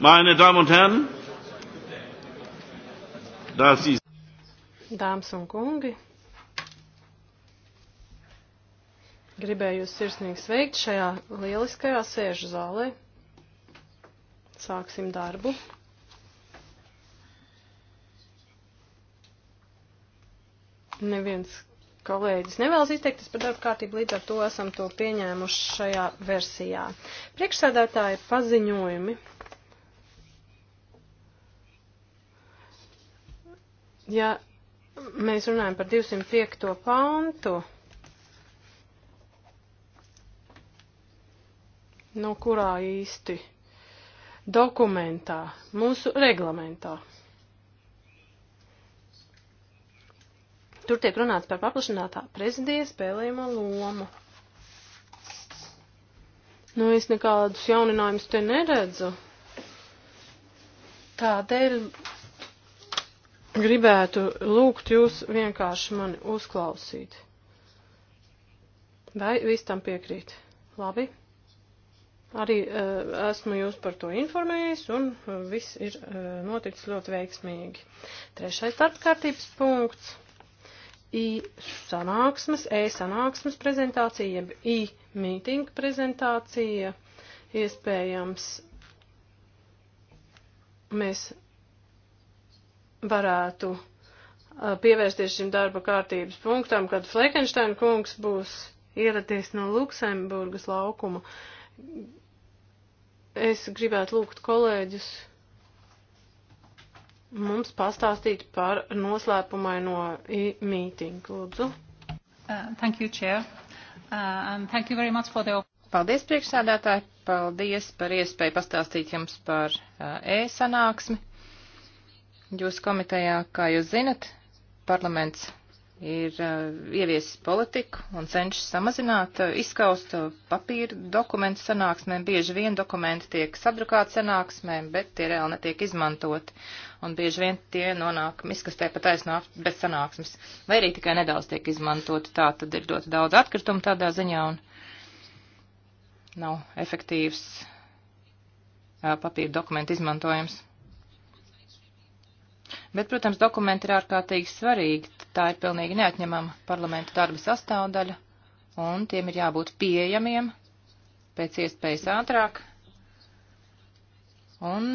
Meine Damen und Herren, das ist. Dāmas un kungi, gribēju jūs sirsnīgi sveikt šajā lieliskajā sēžu zālē. Sāksim darbu. Neviens kolēģis nevēlas izteikties par darba kārtību, līdz ar to esam to pieņēmuši šajā versijā. Priekšsēdētāji paziņojumi. Ja mēs runājam par 205. pantu, no kurā īsti dokumentā, mūsu reglamentā. Tur tiek runāts par paplašinātā prezidija spēlējumu lomu. Nu, es nekādus jauninājumus te neredzu. Tādēļ gribētu lūgt jūs vienkārši mani uzklausīt. Vai viss tam piekrīt? Labi. Arī uh, esmu jūs par to informējis, un eh, viss ir uh, noticis ļoti veiksmīgi. Trešais starpkārtības punkts - I sanāksmes, E sanāksmes prezentācija, jeb I mītinga prezentācija. Iespējams, mēs varētu uh, pievērsties šim darba kārtības punktam, kad Fleckensteina kungs būs ieradies no Luksemburgas laukuma. Es gribētu lūgt kolēģus mums pastāstīt par noslēpumaino mītingu, lūdzu. Uh, thank you, Chair. Uh, and thank you very much for the Paldies, priekšsēdētāji! Paldies par iespēju pastāstīt jums par uh, e-sanāksmi. Jūs komitejā, kā jūs zinat, parlaments ir uh, ieviesis politiku un cenšas samazināt, uh, izskaust uh, papīru dokumentu sanāksmēm. Bieži vien dokumenti tiek sadrukāti sanāksmēm, bet tie reāli netiek izmantoti. Un bieži vien tie nonāk miskastē pat aiznāk bez sanāksmes. Vai arī tikai nedaudz tiek izmantoti. Tā tad ir ļoti daudz atkritumu tādā ziņā un nav efektīvs uh, papīra dokumentu izmantojums. Bet, protams, dokumenti ir ārkārtīgi svarīgi, tā ir pilnīgi neatņemama parlamenta darba sastāvdaļa, un tiem ir jābūt pieejamiem pēc iespējas ātrāk. Un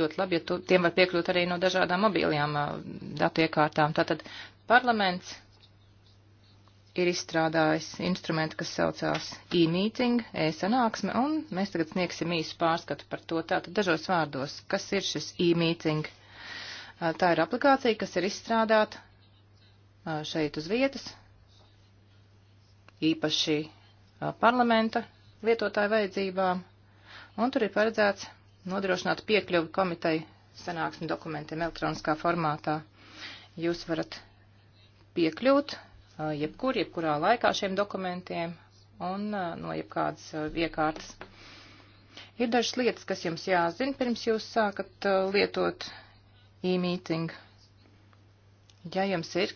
ļoti labi, ja tu, tiem var piekļūt arī no dažādām mobīlajām uh, datu iekārtām. Tātad parlaments ir izstrādājis instrumentu, kas saucās e-meeting, e-sanāksme, un mēs tagad sniegsim īsu pārskatu par to. Tātad dažos vārdos, kas ir šis e-meeting? Tā ir aplikācija, kas ir izstrādāta šeit uz vietas, īpaši parlamenta lietotāju vajadzībām, un tur ir paredzēts nodrošināt piekļuvi komiteju sanāksmi dokumentiem elektroniskā formātā. Jūs varat piekļūt jebkur, jebkurā laikā šiem dokumentiem un no jebkādas iekārtas. Ir dažas lietas, kas jums jāzina, pirms jūs sākat lietot e-meeting. Ja jums ir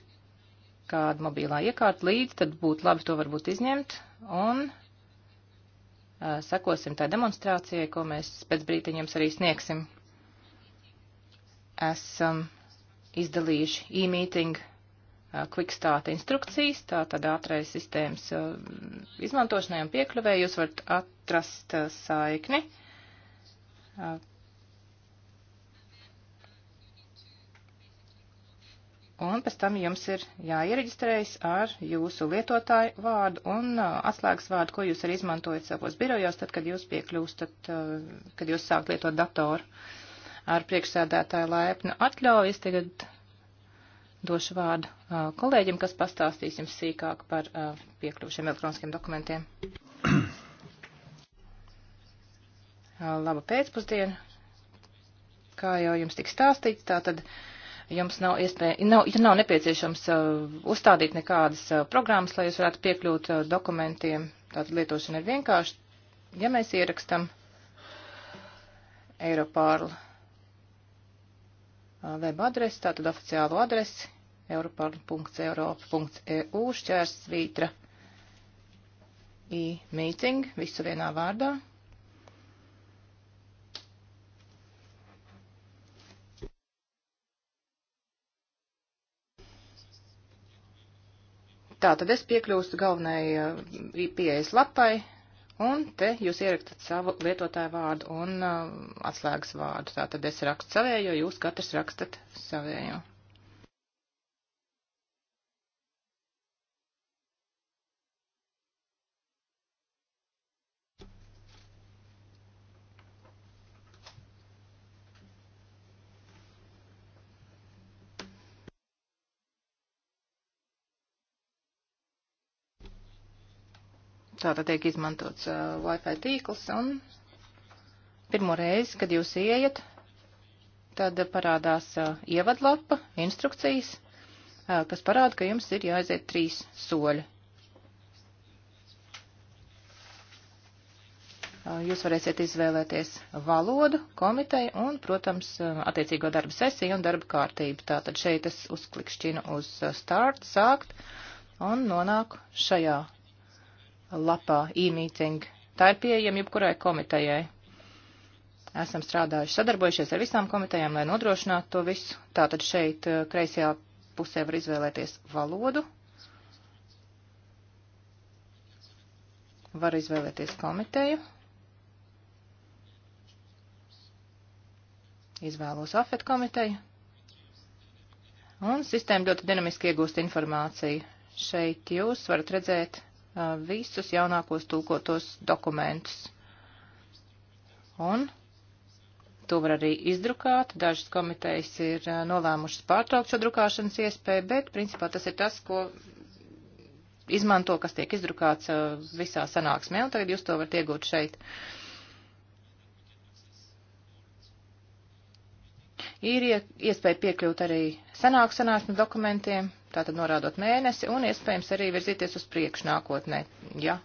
kāda mobilā iekārta līdzi, tad būtu labi to varbūt izņemt un uh, sekosim tā demonstrācijai, ko mēs pēc brīdiņa jums arī sniegsim. Esam izdalījuši e-meeting quick start instrukcijas, tā tad ātrais sistēmas izmantošanai un piekļuvēji jūs varat atrast saikni un pēc tam jums ir jāiereģistrējas ar jūsu lietotāju vārdu un atslēgas vārdu, ko jūs arī izmantojat savos birojos, tad, kad jūs piekļūstat, kad jūs sākt lietot datoru. Ar priekšsēdētāju laipnu atļauju es tagad došu vārdu kolēģim, kas pastāstīs jums sīkāk par piekļuvušiem elektroniskiem dokumentiem. Labu pēcpusdienu! Kā jau jums tik stāstīts, tātad. tad jums nav iespēja, nav, ja nav nepieciešams uh, uzstādīt nekādas uh, programmas, lai jūs varētu piekļūt uh, dokumentiem. Tātad lietošana ir vienkārši. Ja mēs ierakstam Eiropārlu web adresi, tātad oficiālo adresi europarl.europa.eu šķērsvītra e-meeting, visu vienā vārdā. Tā tad es piekļūstu galvenai eh, pieejas lapai, un te jūs ierakstat savu lietotāju vārdu un uh, atslēgas vārdu. Tā tad es rakstu savējo, jūs katrs rakstat savējo. Tātad tiek izmantots uh, Wi-Fi tīkls un pirmo reizi, kad jūs ieiet, tad parādās uh, ievadlapa, instrukcijas, uh, kas parāda, ka jums ir jāaiziet trīs soļi. Uh, jūs varēsiet izvēlēties valodu, komiteju un, protams, attiecīgo darba sesiju un darba kārtību. Tātad šeit es uzklikšķinu uz start, sākt un nonāku šajā lapā e-meeting. Tā ir pieejama jebkurai komitejai. Esam strādājuši, sadarbojušies ar visām komitejām, lai nodrošinātu to visu. Tātad šeit eh, kreisajā pusē var izvēlēties valodu, var izvēlēties komiteju. Izvēlos afet komiteju. Un sistēma ļoti dinamiski iegūst informāciju. Šeit jūs varat redzēt visus jaunākos tūkotos dokumentus. Un to var arī izdrukāt. Dažas komitejas ir nolēmušas pārtraukt šo drukāšanas iespēju, bet principā tas ir tas, ko izmanto, kas tiek izdrukāts visā sanāksmē, un tagad jūs to varat iegūt šeit. Uh, ir iespēja piekļūt arī senāk sanāksmes dokumentiem, tātad norādot mēnesi, un iespējams arī virzīties uz priekšu nākotnē, ja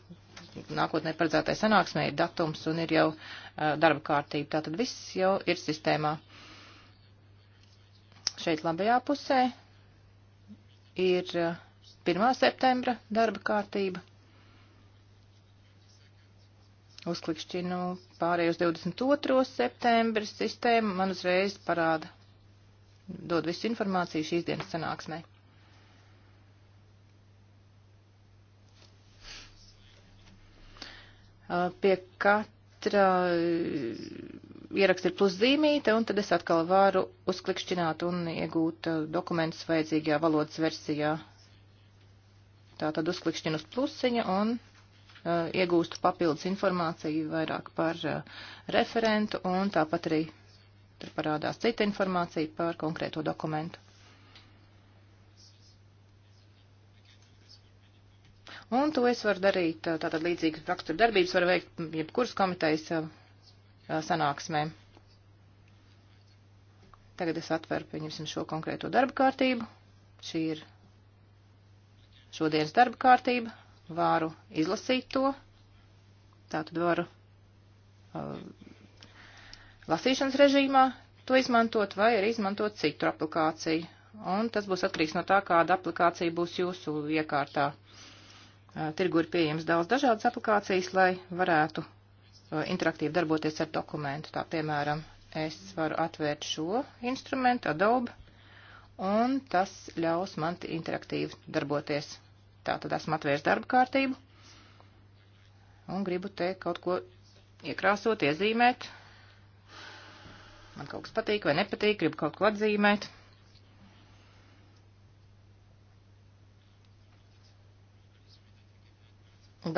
nākotnē paredzētai sanāksmē ir datums un ir jau uh, darba kārtība. Tātad viss jau ir sistēmā. Šeit labajā pusē ir uh, 1. septembra darba kārtība uzklikšķinu pārējos 22. septembra sistēmu, man uzreiz parāda, dod visu informāciju šīs dienas sanāksmē. Pie katra ieraksta ir pluszīmīte, un tad es atkal varu uzklikšķināt un iegūt dokumentus vajadzīgajā valodas versijā. Tā tad uzklikšķinu uz plusiņa un Eh, iegūstu papildus informāciju vairāk par eh, referentu un tāpat arī tur parādās cita informācija par konkrēto dokumentu. Un to es varu darīt, eh, tātad līdzīgas rakstura darbības var veikt jebkuras komitejas sanāksmēm. Tagad es atveru, pieņemsim, šo konkrēto darba kārtību. Šī ir šodienas darba kārtība varu izlasīt to, tātad varu uh, lasīšanas režīmā to izmantot vai arī izmantot citu aplikāciju. Un tas būs atkarīgs no tā, kāda aplikācija būs jūsu iekārtā. Uh, tirgu ir pieejams daudz dažādas aplikācijas, lai varētu uh, interaktīvi darboties ar dokumentu. Tā piemēram, es varu atvērt šo instrumentu Adobe, un tas ļaus man interaktīvi darboties Tā tad esmu atvērts darba kārtību un gribu te kaut ko iekrāsot, iezīmēt. Man kaut kas patīk vai nepatīk, gribu kaut ko atzīmēt.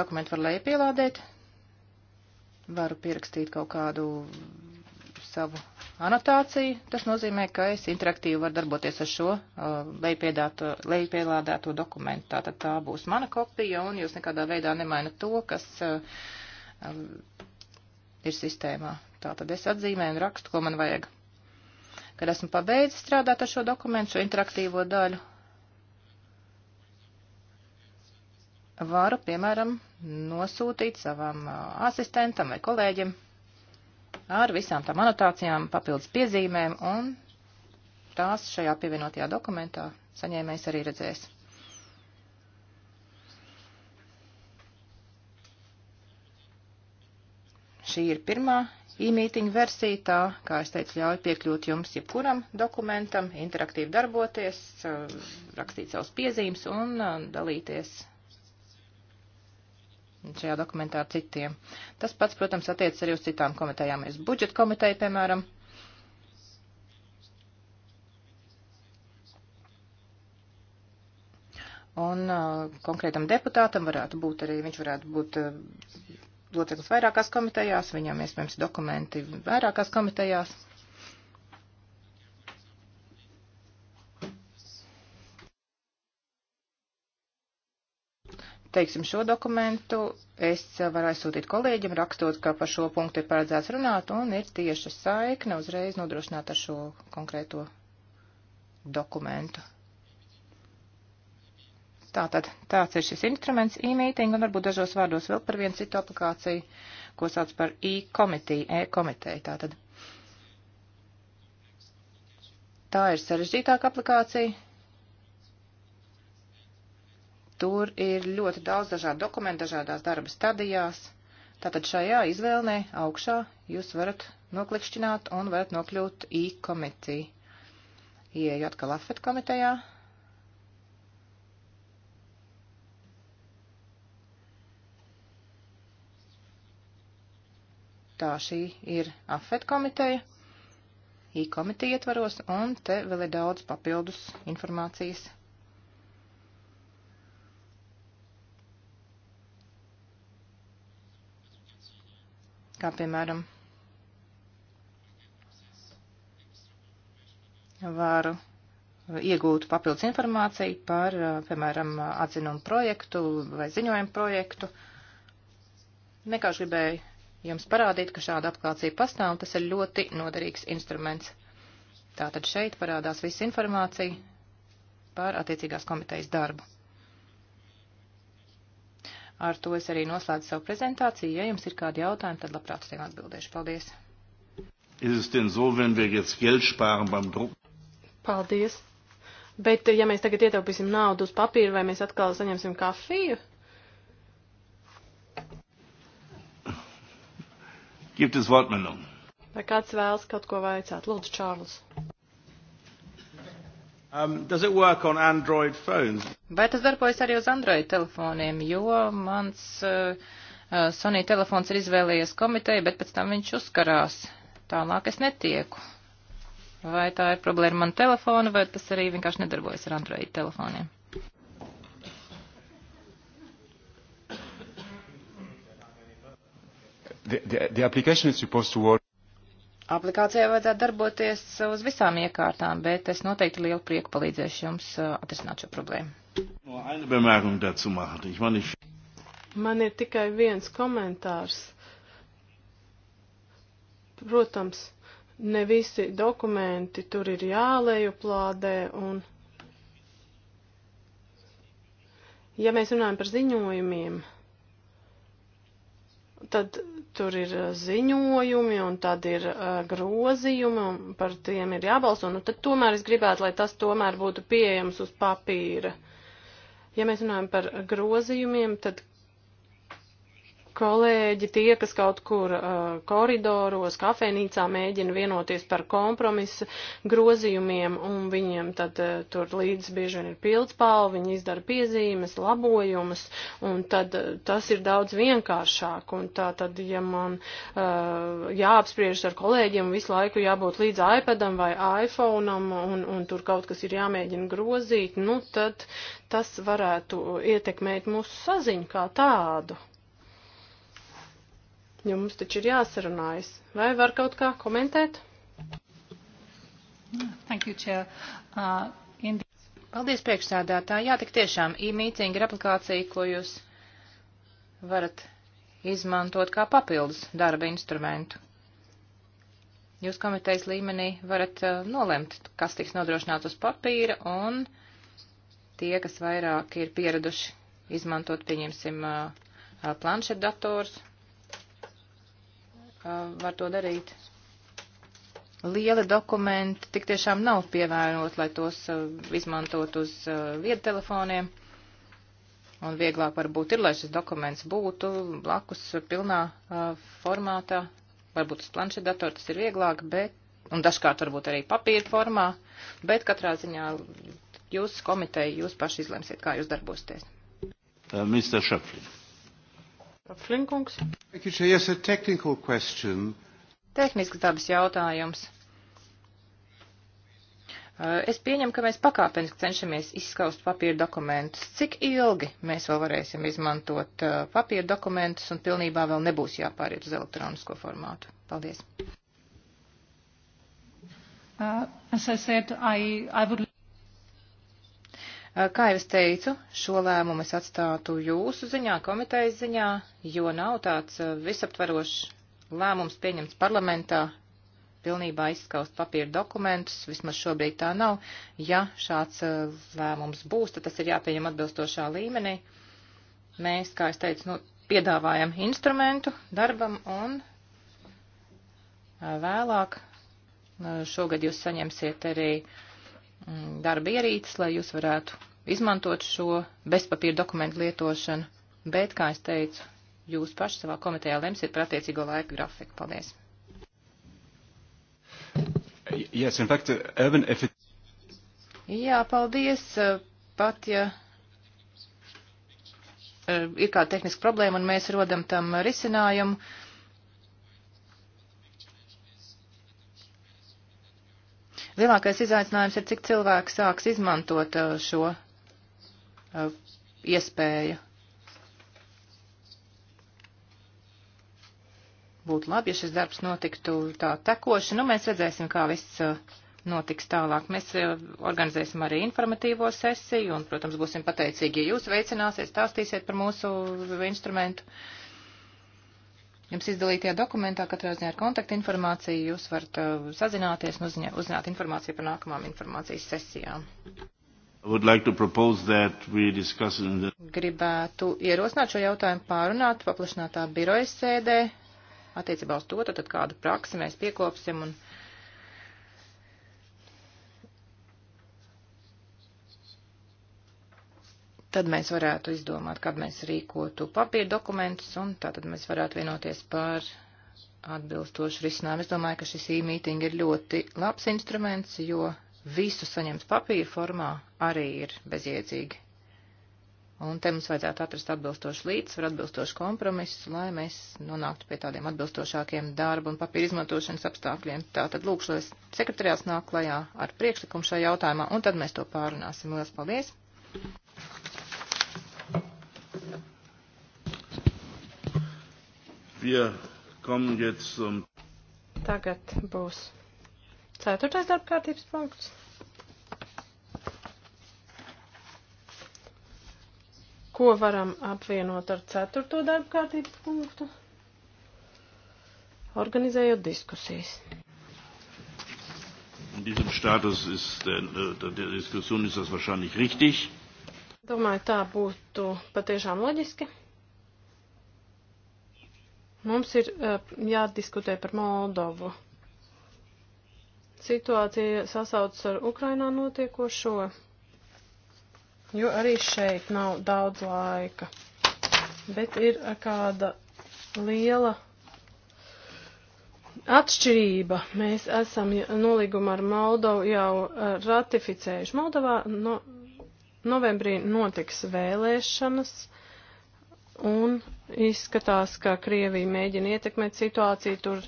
Dokumentu var lejupielādēt. Varu pierakstīt kaut kādu savu anotāciju. Tas nozīmē, ka es interaktīvi varu darboties ar šo uh, lejupielādēto dokumentu. Tātad tā būs mana kopija, un jūs nekādā veidā nemaina to, kas uh, um, ir sistēmā. Tātad es atzīmēju un rakstu, ko man vajag. Kad esmu pabeidzis strādāt ar šo dokumentu, šo interaktīvo daļu, varu, piemēram, nosūtīt savam uh, asistentam vai kolēģim ar visām tām anotācijām, papildus piezīmēm, un tās šajā pievienotajā dokumentā saņēmējs arī redzēs. Šī ir pirmā īmītiņa e versija, tā, kā es teicu, ļauj piekļūt jums jebkuram dokumentam, interaktīvi darboties, rakstīt savus piezīmes un dalīties šajā dokumentā ar citiem. Tas pats, protams, attiec arī uz citām komitejām, uz budžeta komiteju, piemēram. Un uh, konkrētam deputātam varētu būt arī, viņš varētu būt uh, loceklis vairākās komitejās, viņam iespējams dokumenti vairākās komitejās. teiksim, šo dokumentu es varu aizsūtīt kolēģim, rakstot, ka par šo punktu ir paredzēts runāt, un ir tieša saikne uzreiz nodrošināt ar šo konkrēto dokumentu. Tātad tāds ir šis instruments e-meeting, un varbūt dažos vārdos vēl par vienu citu aplikāciju, ko sauc par e-komitiju, e-komiteju. Tātad tā ir sarežģītāka aplikācija, Tur ir ļoti daudz dažādu dokumentu dažādās darba stadijās. Tātad šajā izvēlnē augšā jūs varat noklikšķināt un varat nokļūt e-komitī. Ieeju atkal afet komitejā. Tā šī ir afet komiteja i-komiteja ietvaros, un te vēl ir daudz papildus informācijas kā piemēram varu iegūt papildus informāciju par, eh, piemēram, atzinumu projektu vai ziņojumu projektu. Vienkārši gribēju jums parādīt, ka šāda aplikācija pastāv, tas ir ļoti noderīgs instruments. Tātad šeit parādās visa informācija par attiecīgās komitejas darbu. Ar to es arī noslēdzu savu prezentāciju. Ja jums ir kādi jautājumi, tad labprāt uz tiem atbildēšu. Paldies! Paldies! Bet, ja mēs tagad ietaupīsim naudu uz papīru, vai mēs atkal saņemsim kafiju? Gibt es Wortmeldungen? Vai kāds vēlas kaut ko vaicāt? Lūdzu, Čārlis. Um, does it work on Android phones? Vai tas darbojas arī uz Android telefoniem, jo mans uh, uh Sony telefons ir izvēlējies komiteju, bet pēc tam viņš uzkarās. Tālāk es netieku. Vai tā ir problēma ar manu telefonu, vai tas arī vienkārši nedarbojas ar Android telefoniem? The, the, the application is supposed to work. Aplikācijā vajadzētu darboties uz visām iekārtām, bet es noteikti lielu prieku palīdzēšu jums uh, atrisināt šo problēmu. Man ir tikai viens komentārs. Protams, ne visi dokumenti tur ir jālejuplādē un. Ja mēs runājam par ziņojumiem, tad tur ir uh, ziņojumi un tad ir uh, grozījumi un par tiem ir jābalso. Nu, tad tomēr es gribētu, lai tas tomēr būtu pieejams uz papīra. Ja mēs runājam par grozījumiem, tad kolēģi, tie, kas kaut kur uh, koridoros, kafejnīcā mēģina vienoties par kompromisu grozījumiem, un viņiem tad uh, tur līdz bieži vien ir pildspalvi, viņi izdara piezīmes, labojumus, un tad uh, tas ir daudz vienkāršāk, un tā tad, ja man uh, jāapspriežas ar kolēģiem, visu laiku jābūt līdz iPadam vai iPhoneam, un, un tur kaut kas ir jāmēģina grozīt, nu tad tas varētu ietekmēt mūsu saziņu kā tādu. Jo mums taču ir jāsarunājas. Vai var kaut kā komentēt? Thank you, Chair. Uh, in... Paldies, priekšsēdētāji. Jā, tik tiešām e-mītinga ir aplikācija, ko jūs varat izmantot kā papildus darba instrumentu. Jūs komitejas līmenī varat uh, nolemt, kas tiks nodrošināts uz papīra, un tie, kas vairāk ir pieraduši izmantot, pieņemsim, uh, uh planšetdators, var to darīt. Lieli dokumenti tik tiešām nav pievērot, lai tos eh, izmantot uz eh, viedtelefoniem. Un vieglāk varbūt ir, lai šis dokuments būtu blakus pilnā eh, formātā. Varbūt uz planšetdatoru tas ir vieglāk, bet, un dažkārt varbūt arī papīra formā, bet katrā ziņā jūs komiteja, jūs paši izlemsiet, kā jūs darbosieties. Uh, Mr. Šeflin. Flinkungs. Tehnisks dabas jautājums. Uh, es pieņemu, ka mēs pakāpeniski cenšamies izskaust papīra dokumentus. Cik ilgi mēs vēl varēsim izmantot uh, papīra dokumentus un pilnībā vēl nebūs jāpāriet uz elektronisko formātu? Paldies. Uh, said, I, I would... Eh, kā jau es teicu, šo lēmumu es atstātu jūsu ziņā, komitejas ziņā, jo nav tāds eh, visaptvarošs lēmums pieņemts parlamentā, pilnībā izskaust papīra dokumentus, vismaz šobrīd tā nav. Ja šāds eh, lēmums būs, tad tas ir jāpieņem atbilstošā līmenī. Mēs, kā es teicu, nu, piedāvājam instrumentu darbam un vēlāk šogad jūs saņemsiet arī uh, Mm, darba ierīces, lai jūs varētu izmantot šo bezpapīra dokumentu lietošanu, bet, kā es teicu, jūs paši savā komitejā lemsiet par attiecīgo laika grafiku. Paldies! Yes, in fact, even if it... Jā, paldies, pat ja eh, ir kāda tehniska problēma un mēs rodam tam risinājumu Lielākais izaicinājums ir, cik cilvēki sāks izmantot uh, šo uh, iespēju. Būtu labi, ja šis darbs notiktu tā tekoši. Nu, mēs redzēsim, kā viss uh, notiks tālāk. Mēs organizēsim arī informatīvo sesiju un, protams, būsim pateicīgi, ja jūs veicināsiet, stāstīsiet par mūsu instrumentu. Uh, Jums izdalītajā dokumentā katrā ziņā ir kontaktinformācija, jūs varat uh, sazināties un uzziņā, uzzināt informāciju par nākamām informācijas sesijām. Like the... Gribētu ierosināt šo jautājumu pārunāt paplašinātā birojas sēdē. Attiecībā uz to, tad kādu praksi mēs piekopsim un tad mēs varētu izdomāt, kad mēs rīkotu papīra dokumentus, un tātad mēs varētu vienoties par atbilstošu risinājumu. Es domāju, ka šis e-mīting ir ļoti labs instruments, jo visu saņemt papīra formā arī ir bezjēdzīgi. Un te mums vajadzētu atrast atbilstošu līdzsvaru, atbilstošu kompromisu, lai mēs nonāktu pie tādiem atbilstošākiem darba un papīra izmantošanas apstākļiem. Tātad lūkšu, lai sekretariāts nāk klajā ar priekšlikumu šajā jautājumā, un tad mēs to pārunāsim. Lielas paldies! Wir kommen jetzt zum. Tagad būs ceturtais darbkārtības punkts. Ko varam apvienot ar ceturto darbkārtības punktu? Organizējot diskusijas. In diesem Status ist der, äh, der, der Diskussion ist das wahrscheinlich richtig. Domāju, tā būtu patiešām loģiski. Mums ir eh, jādiskutē par Moldovu. Situācija sasaucas ar Ukrainā notiekošo, jo arī šeit nav daudz laika. Bet ir kāda liela atšķirība. Mēs esam nolīgumu ar Moldovu jau eh, ratificējuši. Moldovā no, novembrī notiks vēlēšanas un Izskatās, ka Krievija mēģina ietekmēt situāciju, tur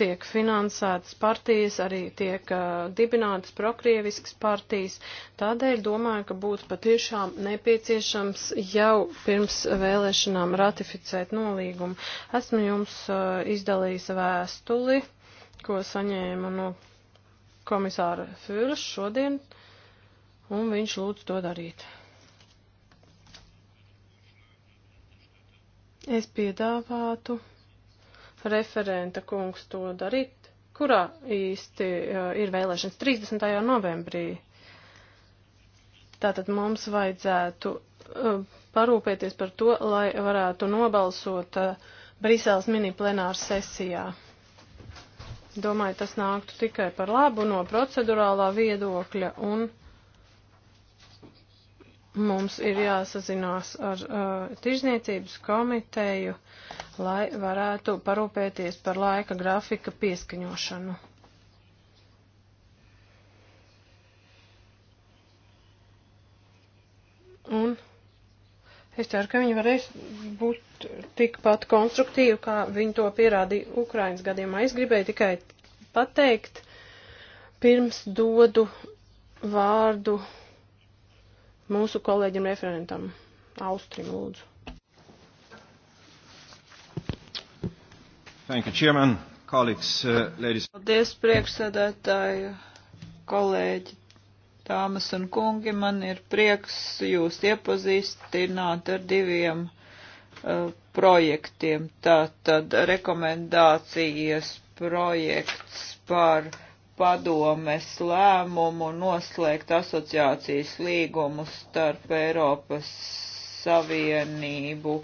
tiek finansētas partijas, arī tiek uh, dibinātas prokrieviskas partijas. Tādēļ domāju, ka būtu patiešām nepieciešams jau pirms vēlēšanām ratificēt nolīgumu. Esmu jums uh, izdalījis vēstuli, ko saņēmu no komisāra Fūras šodien, un viņš lūdz to darīt. Es piedāvātu referenta kungs to darīt, kurā īsti uh, ir vēlēšanas 30. novembrī. Tātad mums vajadzētu uh, parūpēties par to, lai varētu nobalsot uh, Briseles mini plenāru sesijā. Domāju, tas nāktu tikai par labu no procedurālā viedokļa un Mums ir jāsazinās ar uh, tirzniecības komiteju, lai varētu parūpēties par laika grafika pieskaņošanu. Un es ceru, ka viņi varēs būt tikpat konstruktīvi, kā viņi to pierādīja Ukrainas gadījumā. Es gribēju tikai pateikt, pirms dodu vārdu mūsu kolēģim referentam Austrim lūdzu. Thank you, Chairman, colleagues, uh, ladies. Paldies, priekšsēdētāji, kolēģi, dāmas un kungi. Man ir prieks jūs iepazīstināt ar diviem uh, projektiem. Tātad rekomendācijas projekts par uh, padomes lēmumu noslēgt asociācijas līgumu starp Eiropas Savienību,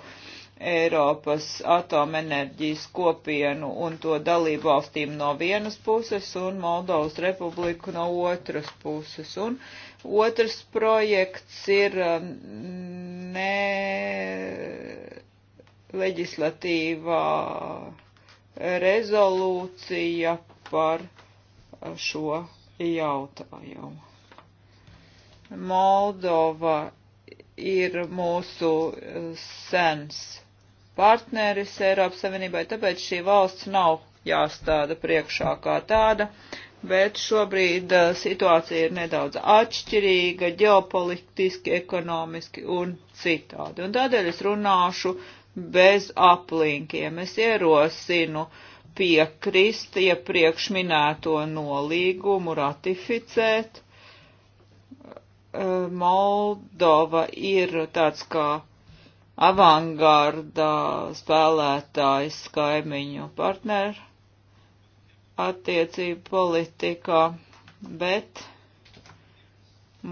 Eiropas atomenerģijas kopienu un to dalību valstīm no vienas puses un Moldovas republiku no otras puses. Un otrs projekts ir um, ne leģislatīvā rezolūcija par šo jautājumu. Moldova ir mūsu eh, sens partneris Eiropas Savienībai, tāpēc šī valsts nav jāstāda priekšā kā tāda, bet šobrīd eh, situācija ir nedaudz atšķirīga, ģeopolitiski, ekonomiski un citādi. Un tādēļ es runāšu bez aplinkiem. Es ierosinu uh, piekrist iepriekš minēto nolīgumu ratificēt. Eh, Moldova ir tāds kā avangarda spēlētājs kaimiņu partneru attiecību politikā, bet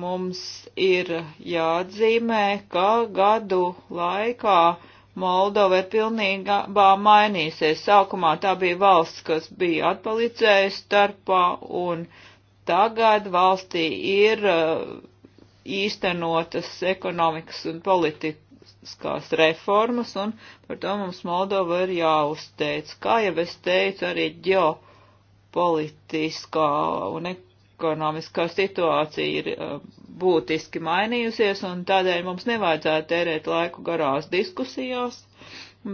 mums ir jāatzīmē, ka gadu laikā Moldova ir pilnībā mainīsies. Sākumā tā bija valsts, kas bija atpalicējusi starpā, un tagad valstī ir uh, īstenotas ekonomikas un politiskās reformas, un par to mums Moldova ir jāuzteic. Kā jau es teicu, arī ģeopolitiskā un ekonomiskā situācija ir uh, būtiski mainījusies, un tādēļ mums nevajadzētu tērēt laiku garās diskusijās,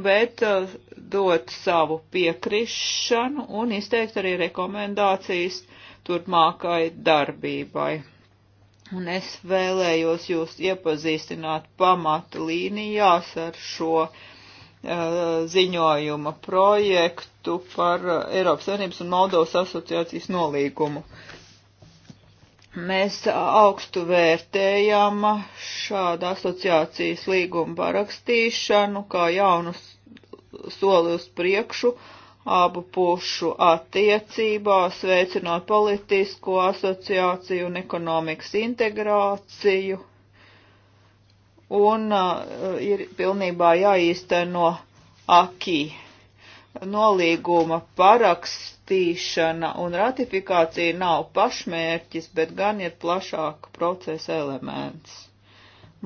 bet eh, dot savu piekrišanu un izteikt arī rekomendācijas turpmākai darbībai. Un es vēlējos jūs iepazīstināt pamata līnijās ar šo uh, ziņojuma projektu par eh, Eiropas Savienības un Moldovas asociācijas nolīgumu. Uh, Mēs augstu vērtējam šādu asociācijas līgumu parakstīšanu kā jaunu soli uz priekšu abu pušu attiecībās, veicinot politisko asociāciju un ekonomikas integrāciju. Un uh, ir pilnībā jāīsteno akī nolīguma parakstīšana un ratifikācija nav pašmērķis, bet gan ir plašāka procesa elements.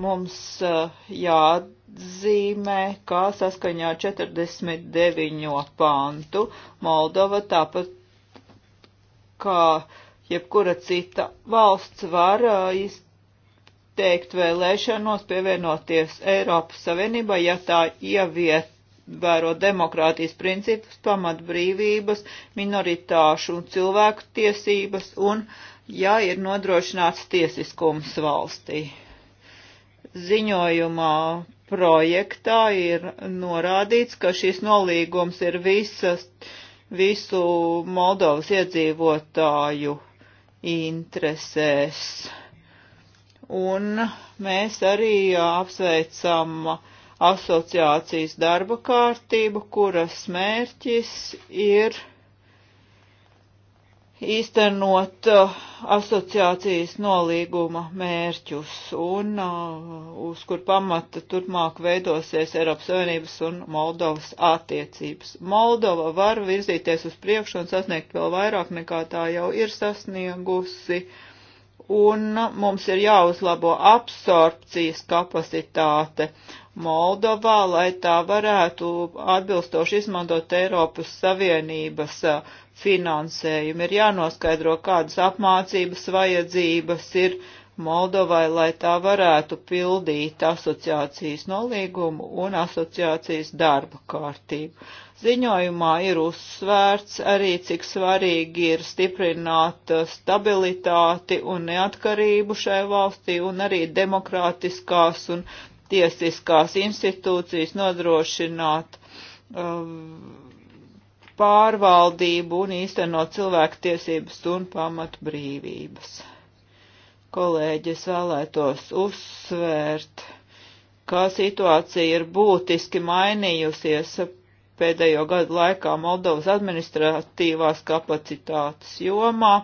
Mums eh, jāatzīmē, kā saskaņā 49. pantu Moldova tāpat kā jebkura cita valsts var eh, izteikt vēlēšanos pievienoties Eiropas Savienībai, ja tā ieviet vēro demokrātijas principus, pamatbrīvības, minoritāšu un cilvēku tiesības un, ja ir nodrošināts tiesiskums valstī. Ziņojumā projektā ir norādīts, ka šis nolīgums ir visas, visu Moldovas iedzīvotāju interesēs. Un mēs arī apsveicam uh, asociācijas darba kārtību, kuras mērķis ir īstenot uh, asociācijas nolīguma mērķus un uh, uz kur pamata turpmāk veidosies Eiropas Savienības un Moldovas attiecības. Moldova var virzīties uz priekšu un sasniegt vēl vairāk nekā tā jau ir sasniegusi un uh, mums ir jāuzlabo absorpcijas kapacitāte Moldovā, lai tā varētu atbilstoši izmantot Eiropas Savienības finansējumu. Ir jānoskaidro, kādas apmācības vajadzības ir Moldovai, lai tā varētu pildīt asociācijas nolīgumu un asociācijas darba kārtību. Ziņojumā ir uzsvērts arī, cik svarīgi ir stiprināt stabilitāti un neatkarību šai valstī un arī demokrātiskās un tiesiskās institūcijas nodrošināt um, pārvaldību un īstenot cilvēku tiesības un pamatu brīvības. Kolēģi, es vēlētos uzsvērt, ka situācija ir būtiski mainījusies pēdējo gadu laikā Moldovas administratīvās kapacitātes jomā,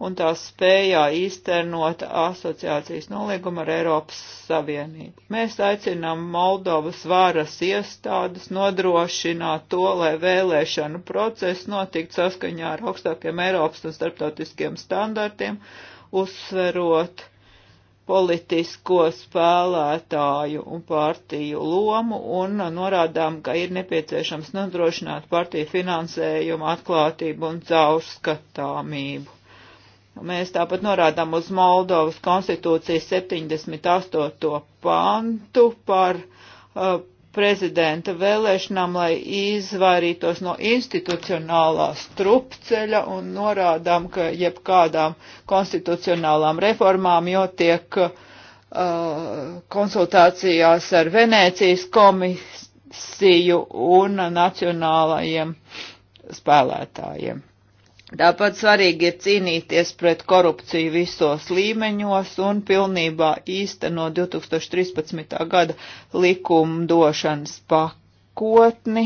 un tā spējā īstenot asociācijas nolīgumu ar Eiropas Savienību. Mēs aicinām Moldovas varas iestādes nodrošināt to, lai vēlēšanu process notikt saskaņā ar augstākiem Eiropas un starptautiskiem standartiem, uzsverot politisko spēlētāju un partiju lomu un norādām, ka ir nepieciešams nodrošināt partiju finansējumu atklātību un caurskatāmību. Mēs tāpat norādām uz Moldovas konstitūcijas 78. pantu par uh, prezidenta vēlēšanām, lai izvairītos no institucionālā strupceļa un norādām, ka jebkādām konstitucionālām reformām jau tiek uh, konsultācijās ar Venēcijas komisiju un nacionālajiem spēlētājiem. Tāpat svarīgi ir cīnīties pret korupciju visos līmeņos un pilnībā īsteno 2013. gada likumdošanas pakotni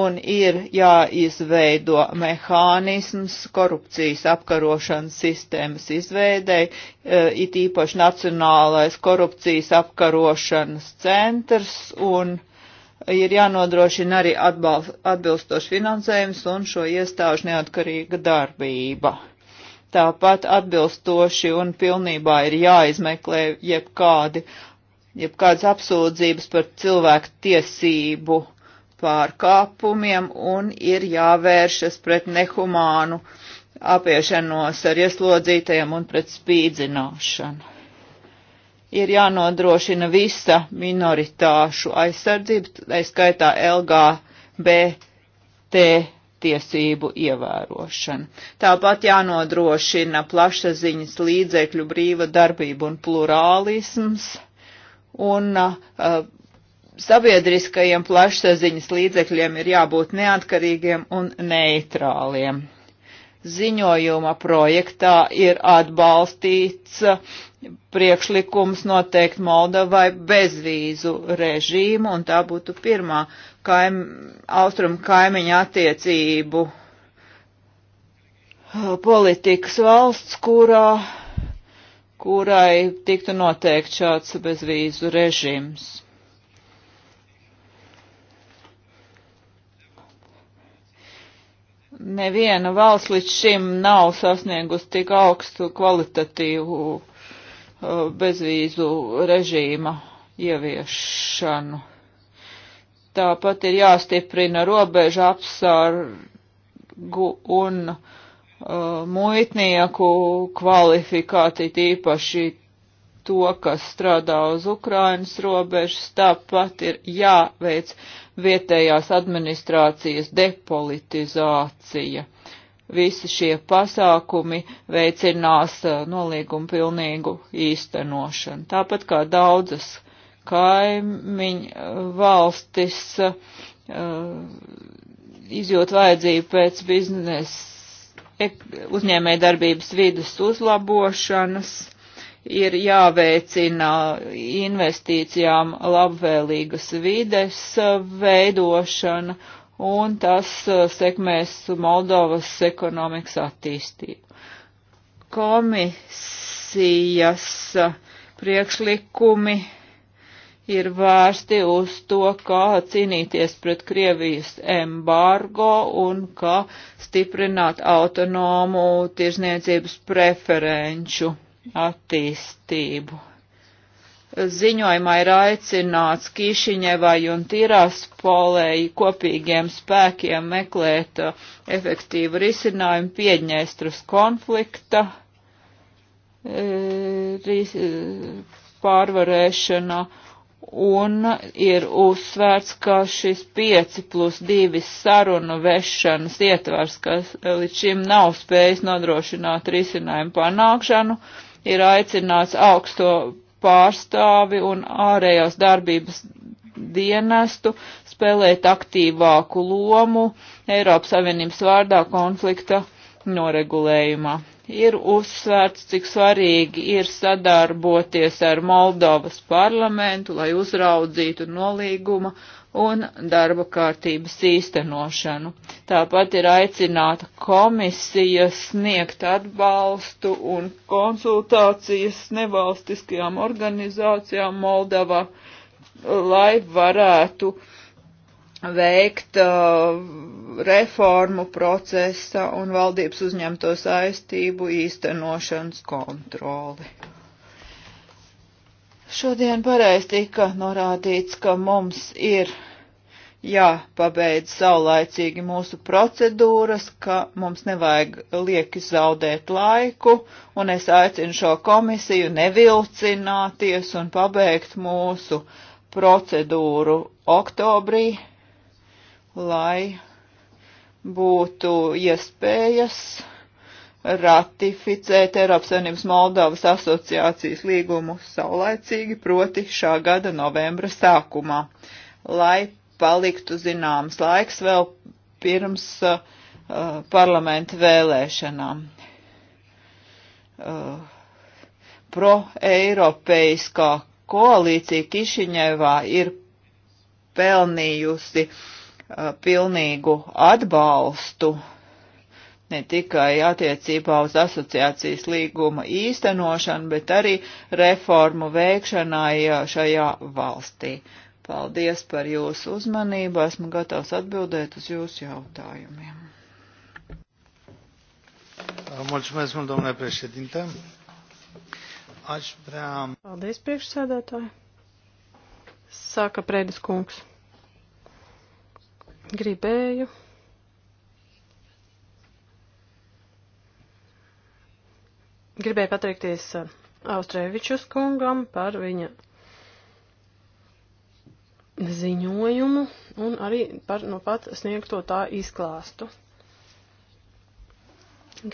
un ir jāizveido mehānisms korupcijas apkarošanas sistēmas izveidei, e, it īpaši Nacionālais korupcijas apkarošanas centrs un uh, ir jānodrošina arī atbilstošs finansējums un šo iestāžu neatkarīga darbība. Tāpat atbilstoši un pilnībā ir jāizmeklē jebkādi, jebkādas apsūdzības par cilvēku tiesību pārkāpumiem un ir jāvēršas pret nehumānu apiešanos ar ieslodzītajiem un pret spīdzināšanu ir jānodrošina visa minoritāšu aizsardzība, aizskaitā LGBT tiesību ievērošana. Tāpat jānodrošina plašsaziņas līdzekļu brīva darbība un plurālisms un uh, sabiedriskajiem plašsaziņas līdzekļiem ir jābūt neatkarīgiem un neitrāliem ziņojuma projektā ir atbalstīts priekšlikums noteikt Moldovai bezvīzu režīmu, un tā būtu pirmā kaim, austrumu kaimiņa attiecību uh, politikas valsts, kurā, kurai tiktu noteikt šāds bezvīzu režīms. neviena valsts līdz šim nav sasniegusi tik augstu kvalitatīvu uh, bezvīzu režīma ieviešanu. Tāpat ir jāstiprina robežu apsargu un uh, muitnieku kvalifikāciju, tīpaši to, kas strādā uz Ukrainas robežas. Tāpat ir jāveic vietējās administrācijas depolitizācija. Visi šie pasākumi veicinās nolīgumu pilnīgu īstenošanu. Tāpat kā daudzas kaimiņu valstis uh, izjūt vajadzību pēc biznesa e, uzņēmē darbības vidas uzlabošanas ir jāveicina investīcijām labvēlīgas vides uh, veidošana, un tas uh, sekmēs Moldovas ekonomikas attīstību. Komisijas uh, priekšlikumi ir vērsti uz to, kā cīnīties pret Krievijas embargo un kā stiprināt autonomu tirzniecības preferenču attīstību. Ziņojumā ir aicināts Kīšiņevai un Tiraspolēji kopīgiem spēkiem meklēt uh, efektīvu risinājumu Piedņēstrus konflikta e, e, pārvarēšana un ir uzsvērts, ka šis 5 plus 2 sarunu vešanas ietvars, kas e, līdz šim nav spējis nodrošināt risinājumu panākšanu, uh, ir aicināts augsto pārstāvi un ārējās darbības dienestu spēlēt aktīvāku lomu Eiropas Savienības vārdā konflikta noregulējumā. Ir uzsvērts, cik svarīgi ir sadarboties ar Moldovas parlamentu, lai uzraudzītu nolīguma uh, un darba kārtības īstenošanu. Tāpat ir aicināta komisija sniegt atbalstu un konsultācijas nevalstiskajām organizācijām Moldavā, lai varētu veikt uh, reformu procesa un valdības uzņemto saistību īstenošanas kontroli. Šodien pareizi tika norādīts, ka mums ir jāpabeidz saulaicīgi mūsu procedūras, ka mums nevajag lieki zaudēt laiku, un es aicinu šo komisiju nevilcināties un pabeigt mūsu procedūru oktobrī, lai būtu iespējas ratificēt Eiropas Savienības Moldovas asociācijas līgumu saulaicīgi, proti šā gada novembra sākumā, lai paliktu zināms laiks vēl pirms uh, parlamenta vēlēšanām. Uh, Proeiropeiskā koalīcija Kišiņevā ir pelnījusi uh, pilnīgu atbalstu ne tikai attiecībā uz asociācijas līguma īstenošanu, bet arī reformu veikšanai uh, šajā valstī. Paldies par jūsu uzmanību. Esmu gatavs atbildēt uz jūsu jautājumiem. Mulțumesc mult, domnule președinte. Aș vrea... Paldies, priekšsēdētāji. Sāka Prēdis kungs. Gribēju gribēju pateikties Austrēvičus kungam par viņa ziņojumu un arī par no pat sniegto tā izklāstu.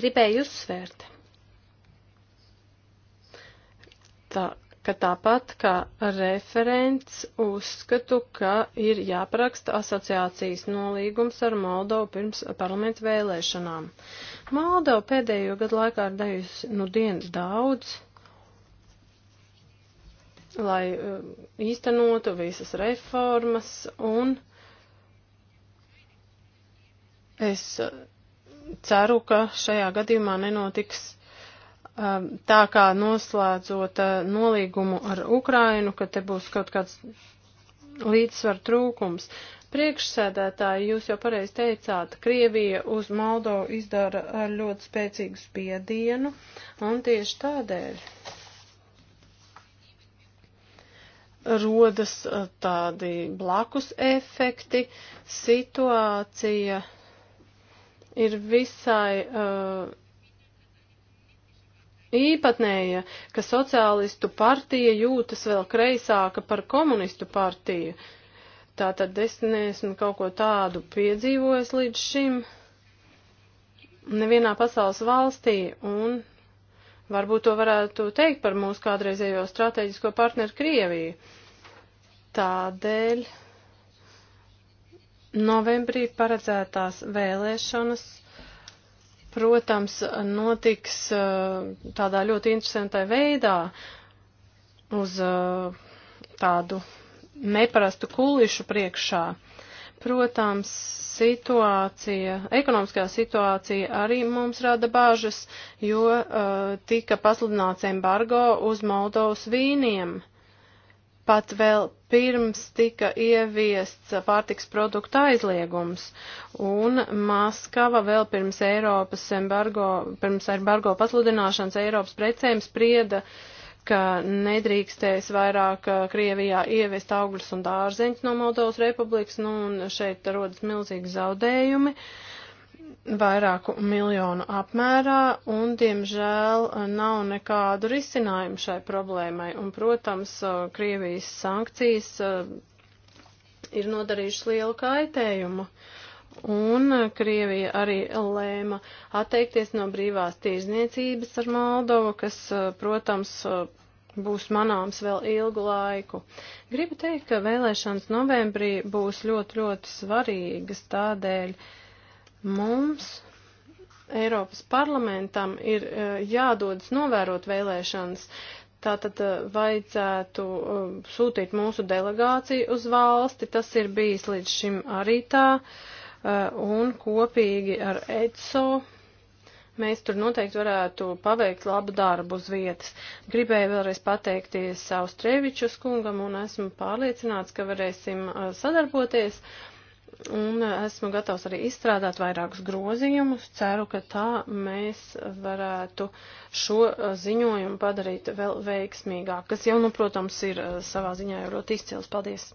Gribēju uzsvērt, tā, ka tāpat kā referents uzskatu, ka ir jāparaksta asociācijas nolīgums ar Moldovu pirms parlamentu vēlēšanām. Moldova pēdējo gadu laikā ir dejusi nu dienu daudz lai um, īstenotu visas reformas un es uh, ceru, ka šajā gadījumā nenotiks um, tā kā noslēdzot uh, nolīgumu ar Ukrainu, ka te būs kaut kāds līdzsvar trūkums. Priekšsēdētāji, jūs jau pareizi teicāt, Krievija uz Moldovu izdara ļoti spēcīgu spiedienu, un tieši tādēļ rodas uh, tādi blakus efekti, situācija ir visai uh, īpatnēja, ka sociālistu partija jūtas vēl kreisāka par komunistu partiju. Tātad es neesmu kaut ko tādu piedzīvojis līdz šim nevienā pasaules valstī, un Varbūt to varētu teikt par mūsu kādreizējo strateģisko partneru Krieviju. Tādēļ novembrī paredzētās vēlēšanas, protams, notiks uh, tādā ļoti interesantā veidā uz uh, tādu neparastu kulišu priekšā. Protams, situācija, ekonomiskā situācija arī mums rada bāžas, jo uh, tika pasludināts embargo uz Moldovas vīniem. Pat vēl pirms tika ieviests pārtiks produktu aizliegums, un Maskava vēl pirms Eiropas embargo, pirms embargo pasludināšanas Eiropas precēm sprieda uh, ka nedrīkstēs vairāk Krievijā ievest augļus un dārzeņus no Moldovas republikas, nu un šeit rodas milzīgi zaudējumi vairāku miljonu apmērā, un, diemžēl, nav nekādu risinājumu šai problēmai. Un, protams, Krievijas sankcijas ir nodarījušas lielu kaitējumu. Uh, Un Krievija arī lēma atteikties no brīvās tirzniecības ar Moldovu, kas, eh, protams, eh, būs manāms vēl ilgu laiku. Gribu teikt, ka vēlēšanas novembrī būs ļoti, ļoti svarīgas, tādēļ mums Eiropas parlamentam ir eh, jādodas novērot vēlēšanas. Tātad vajadzētu sūtīt mūsu delegāciju uz valsti, tas ir bijis līdz šim arī tā. Uh, Eh, un kopīgi ar ECO mēs tur noteikti varētu paveikt labu darbu uz vietas. Gribēju vēlreiz pateikties Austrēvičus kungam un esmu pārliecināts, ka varēsim eh, sadarboties. Un eh, esmu gatavs arī izstrādāt vairākus grozījumus. Ceru, ka tā mēs varētu šo ziņojumu padarīt vēl veiksmīgāk, kas jau, nu, protams, ir savā ziņā jau ļoti izcils. Paldies!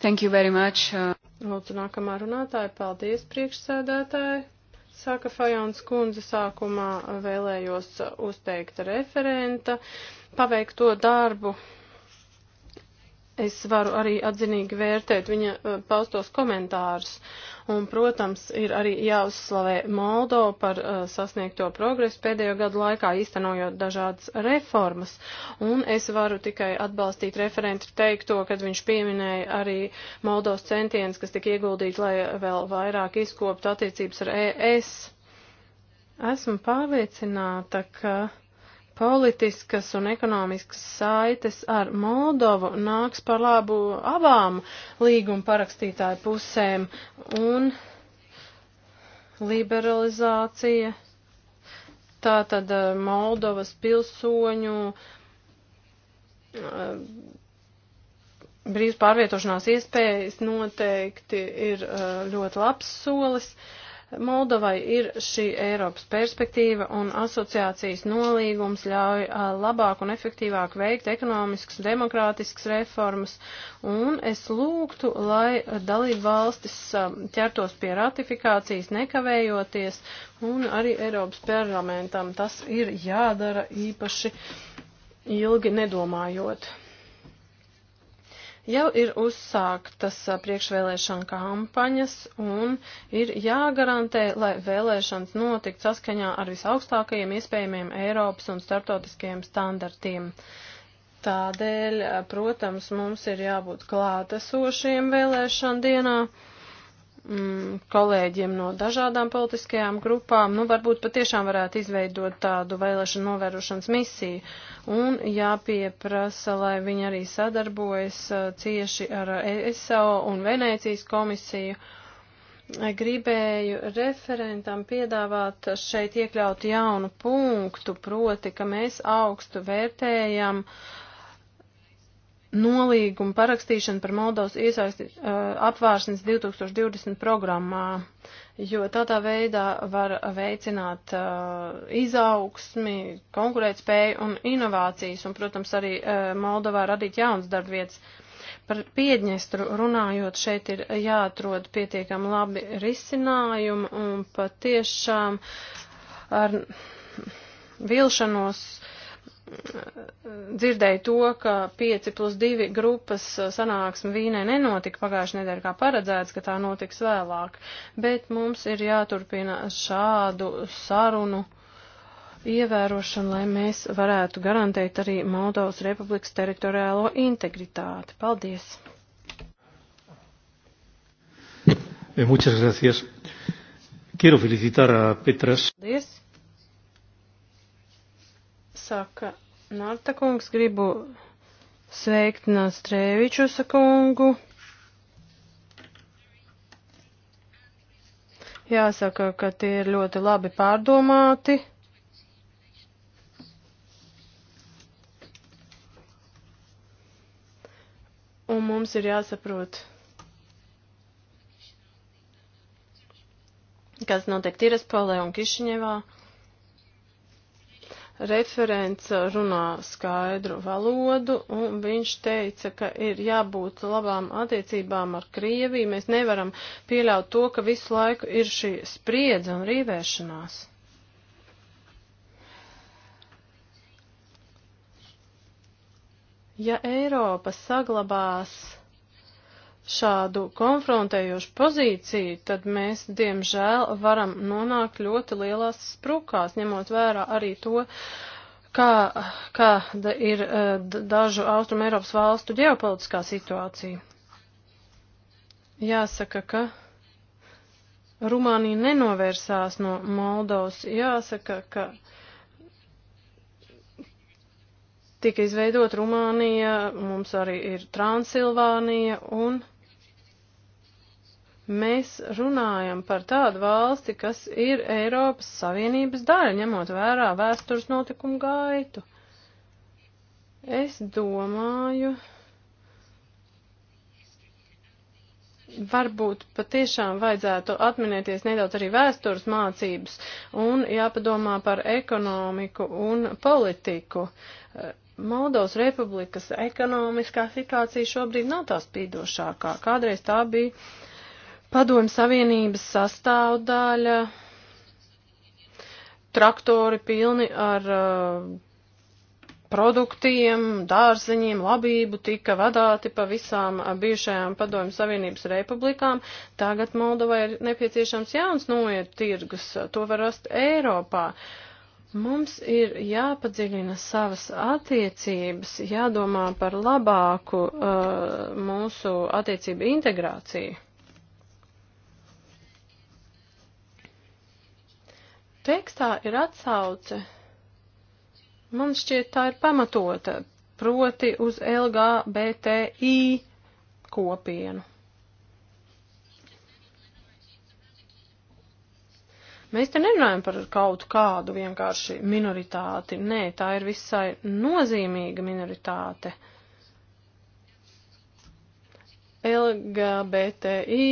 Thank you very much. Uh, Lūdzu, nākamā runātāja, paldies priekšsēdētāji. Saka Fajons kundze sākumā vēlējos uzteikt referenta paveikto darbu es varu arī atzinīgi vērtēt viņa uh, paustos komentārus. Un, protams, ir arī jāuzslavē Moldova par uh, sasniegto progresu pēdējo gadu laikā, īstenojot dažādas reformas. Un es varu tikai atbalstīt referentu teikto, kad viņš pieminēja arī Moldovas centienus, kas tika ieguldīti, lai vēl vairāk izkoptu attiecības ar ES. Esmu pārliecināta, ka politiskas un ekonomiskas saites ar Moldovu nāks par labu abām līguma parakstītāju pusēm un liberalizācija. Tātad eh, Moldovas pilsoņu eh, brīvs pārvietošanās iespējas noteikti ir eh, ļoti labs solis. Uh, Moldovai ir šī Eiropas perspektīva un asociācijas nolīgums ļauj labāk un efektīvāk veikt ekonomiskas, demokrātiskas reformas, un es lūgtu, lai dalību valstis ķertos pie ratifikācijas nekavējoties, un arī Eiropas parlamentam tas ir jādara īpaši ilgi nedomājot. Jau ir uzsāktas priekšvēlēšana kampaņas un ir jāgarantē, lai vēlēšanas notiktu saskaņā ar visaugstākajiem iespējamiem Eiropas un starptautiskajiem standartiem. Tādēļ, protams, mums ir jābūt klātesošiem vēlēšana dienā mm, kolēģiem no dažādām politiskajām grupām, nu varbūt patiešām varētu izveidot tādu vēlēšanu novērošanas misiju un jāpieprasa, lai viņi arī sadarbojas uh, cieši ar ESO un Venēcijas komisiju. Gribēju referentam piedāvāt šeit iekļaut jaunu punktu, proti, ka mēs augstu vērtējam uh, nolīguma parakstīšanu par Moldovas iesaisti uh, apvārsnes 2020 programmā, jo tādā veidā var veicināt uh, izaugsmi, konkurētspēju un inovācijas, un, protams, arī uh, Moldovā radīt jaunas darbvietas. Par Piedņestru runājot, šeit ir jāatrod pietiekami labi risinājumi un patiešām ar vilšanos uh, dzirdēju to, ka 5 plus 2 grupas sanāksme Vīnē nenotika pagājušajā nedēļā kā paredzēts, ka tā notiks vēlāk, bet mums ir jāturpina šādu sarunu ievērošana, lai mēs varētu garantēt arī Moldovas Republikas teritoriālo integritāti. Paldies! Eh, muchas gracias. Quiero felicitar a Petras. Paldies saka Nārta kungs, gribu sveikt Nastrēvičus kungu. Jāsaka, ka tie ir ļoti labi pārdomāti. Un mums ir jāsaprot, kas notiek Tiraspolē un Kišiņevā referents runā skaidru valodu, un viņš teica, ka ir jābūt labām attiecībām ar Krieviju. Mēs nevaram pieļaut to, ka visu laiku ir šī spriedze un rīvēšanās. Ja Eiropa saglabās šādu konfrontējošu pozīciju, tad mēs, diemžēl, varam nonākt ļoti lielās sprukās, ņemot vērā arī to, kā, kā da ir e, dažu Austrum Eiropas valstu ģeopolitiskā situācija. Jāsaka, ka Rumānija nenovērsās no Moldovas. Jāsaka, ka tika izveidot Rumānija, mums arī ir Transilvānija un Mēs runājam par tādu valsti, kas ir Eiropas Savienības daļa, ņemot vērā vēstures notikumu gaitu. Es domāju, varbūt patiešām vajadzētu atminēties nedaudz arī vēstures mācības un jāpadomā par ekonomiku un politiku. Moldovas republikas ekonomiskā situācija šobrīd nav tā spīdošākā. Kādreiz tā bija Padomu Savienības sastāvdaļa, traktori pilni ar uh, produktiem, dārzeņiem, labību tika vadāti pa visām uh, bijušajām Padomu Savienības republikām. Tagad Moldovai ir nepieciešams jauns noiet tirgus, uh, to var rast Eiropā. Mums ir jāpadziļina savas attiecības, jādomā par labāku uh, mūsu attiecību integrāciju. Tekstā ir atsauce, man šķiet tā ir pamatota, proti uz LGBTI kopienu. Mēs te nerunājam par kaut kādu vienkārši minoritāti. Nē, tā ir visai nozīmīga minoritāte. LGBTI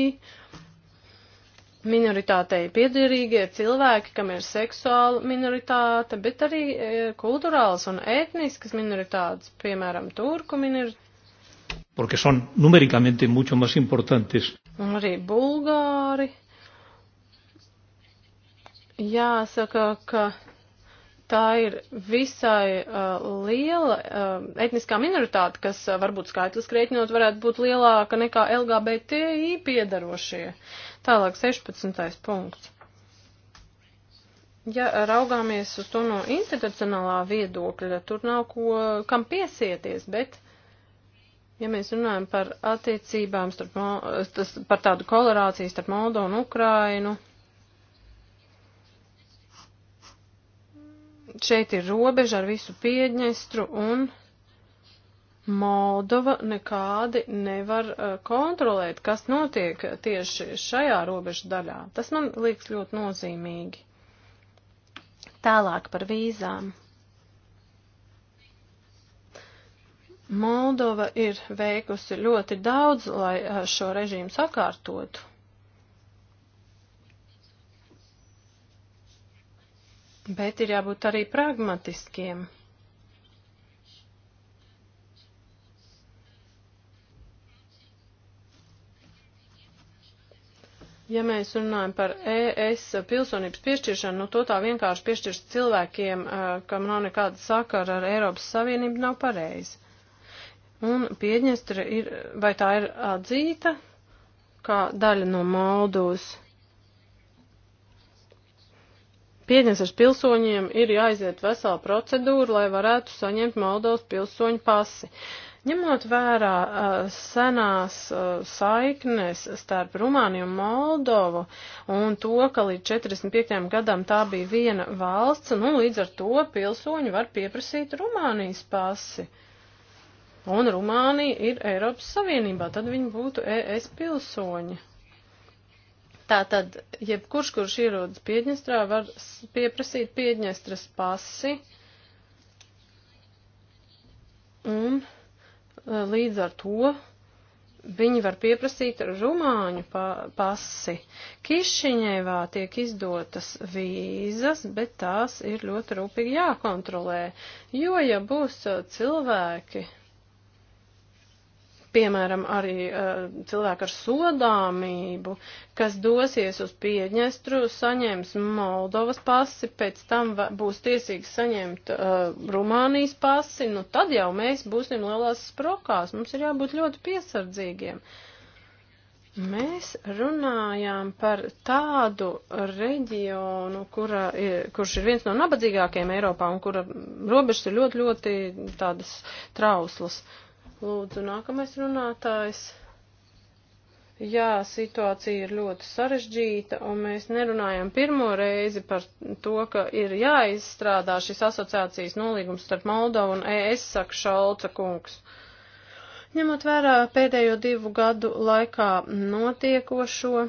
minoritātei piedarīgie cilvēki, kam ir seksuāla minoritāte, bet arī e, kulturāls un etniskas minoritātes, piemēram, turku minoritāte. Porque son numéricamente mucho más importantes. Un arī bulgāri. Jāsaka, ka tā ir visai uh, liela uh, etniskā minoritāte, kas uh, varbūt skaitlis krēķinot varētu būt lielāka nekā LGBTI piedarošie. Tālāk 16. punkts. Ja raugāmies uz to no institucionālā viedokļa, tur nav ko, kam piesieties, bet, ja mēs runājam par attiecībām starp, tas, par tādu kolorāciju starp Moldovu un Ukrainu, šeit ir robeža ar visu Piedņestru un Moldova nekādi nevar eh, kontrolēt, kas notiek tieši šajā robežu daļā. Tas man liekas ļoti nozīmīgi. Tālāk par vīzām. Moldova ir veikusi ļoti daudz, lai eh, šo režīmu sakārtotu. Bet ir jābūt arī pragmatiskiem. Ja mēs runājam par ES pilsonības piešķiršanu, nu to tā vienkārši piešķirst cilvēkiem, eh, kam nav nekāda sakara ar Eiropas Savienību, nav pareizi. Un Piedņestra ir, vai tā ir atzīta, kā daļa no Moldovas? Piedņesas pilsoņiem ir jāiziet vesela procedūra, lai varētu saņemt Moldovas pilsoņu pasi. Ņemot vērā uh, senās uh, saiknes starp Rumāniju un Moldovu un to, ka līdz 45. gadam tā bija viena valsts, nu līdz ar to pilsoņi var pieprasīt Rumānijas pasi. Un Rumānija ir Eiropas Savienībā, tad viņi būtu ES pilsoņi. Tātad, jebkurš, kurš ierodas Piedņestrā, var pieprasīt Piedņestras pasi un e, līdz ar to viņi var pieprasīt rumāņu pa pasi. Kišiņevā tiek izdotas vīzas, bet tās ir ļoti rūpīgi jākontrolē, jo ja būs e, cilvēki, piemēram, arī uh, cilvēki ar sodāmību, kas dosies uz Piedņestru, saņems Moldovas pasi, pēc tam būs tiesīgi saņemt uh, Rumānijas pasi, nu tad jau mēs būsim lielās sprokās, mums ir jābūt ļoti piesardzīgiem. Mēs runājām par tādu reģionu, kura ir, kurš ir viens no nabadzīgākajiem Eiropā un kura robežas ir ļoti, ļoti tādas trauslas. Uh, Lūdzu, nākamais runātājs. Jā, situācija ir ļoti sarežģīta, un mēs nerunājam pirmo reizi par to, ka ir jāizstrādā šis asociācijas nolīgums starp Moldovu un ES, saka Šalca kungs. Ņemot vērā pēdējo divu gadu laikā notiekošo,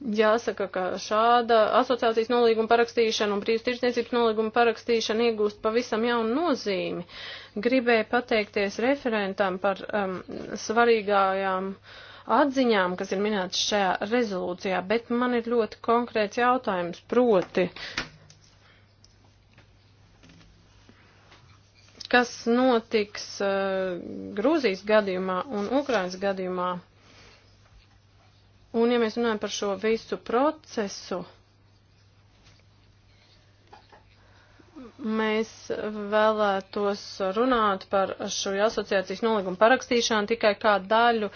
Jāsaka, ka šāda asociācijas nolīguma parakstīšana un brīvs tirsniecības nolīguma parakstīšana iegūst pavisam jaunu nozīmi. Gribēju pateikties referentam par um, svarīgājām atziņām, kas ir minētas šajā rezolūcijā, bet man ir ļoti konkrēts jautājums proti, kas notiks uh, Grūzijas gadījumā un Ukrainas gadījumā. Un ja mēs runājam par šo visu procesu, mēs vēlētos runāt par šo asociācijas nolīgumu parakstīšanu tikai kā daļu,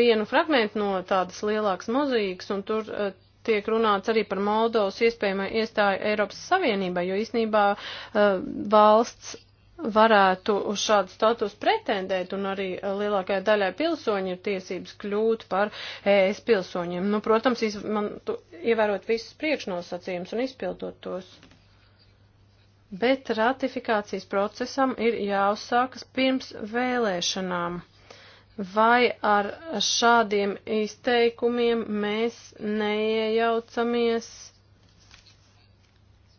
vienu fragmentu no tādas lielākas mozaīkas, un tur eh, tiek runāts arī par Moldovas iespējamai iestāju Eiropas Savienībā, jo īsnībā uh, valsts varētu uz šādu status pretendēt, un arī e, lielākajai daļai pilsoņi ir tiesības kļūt par ES pilsoņiem. Nu, protams, izmantu, ievērot visus priekšnosacījumus un izpildot tos. Bet ratifikācijas procesam ir jāuzsākas pirms vēlēšanām. Vai ar šādiem izteikumiem mēs neiejaucamies?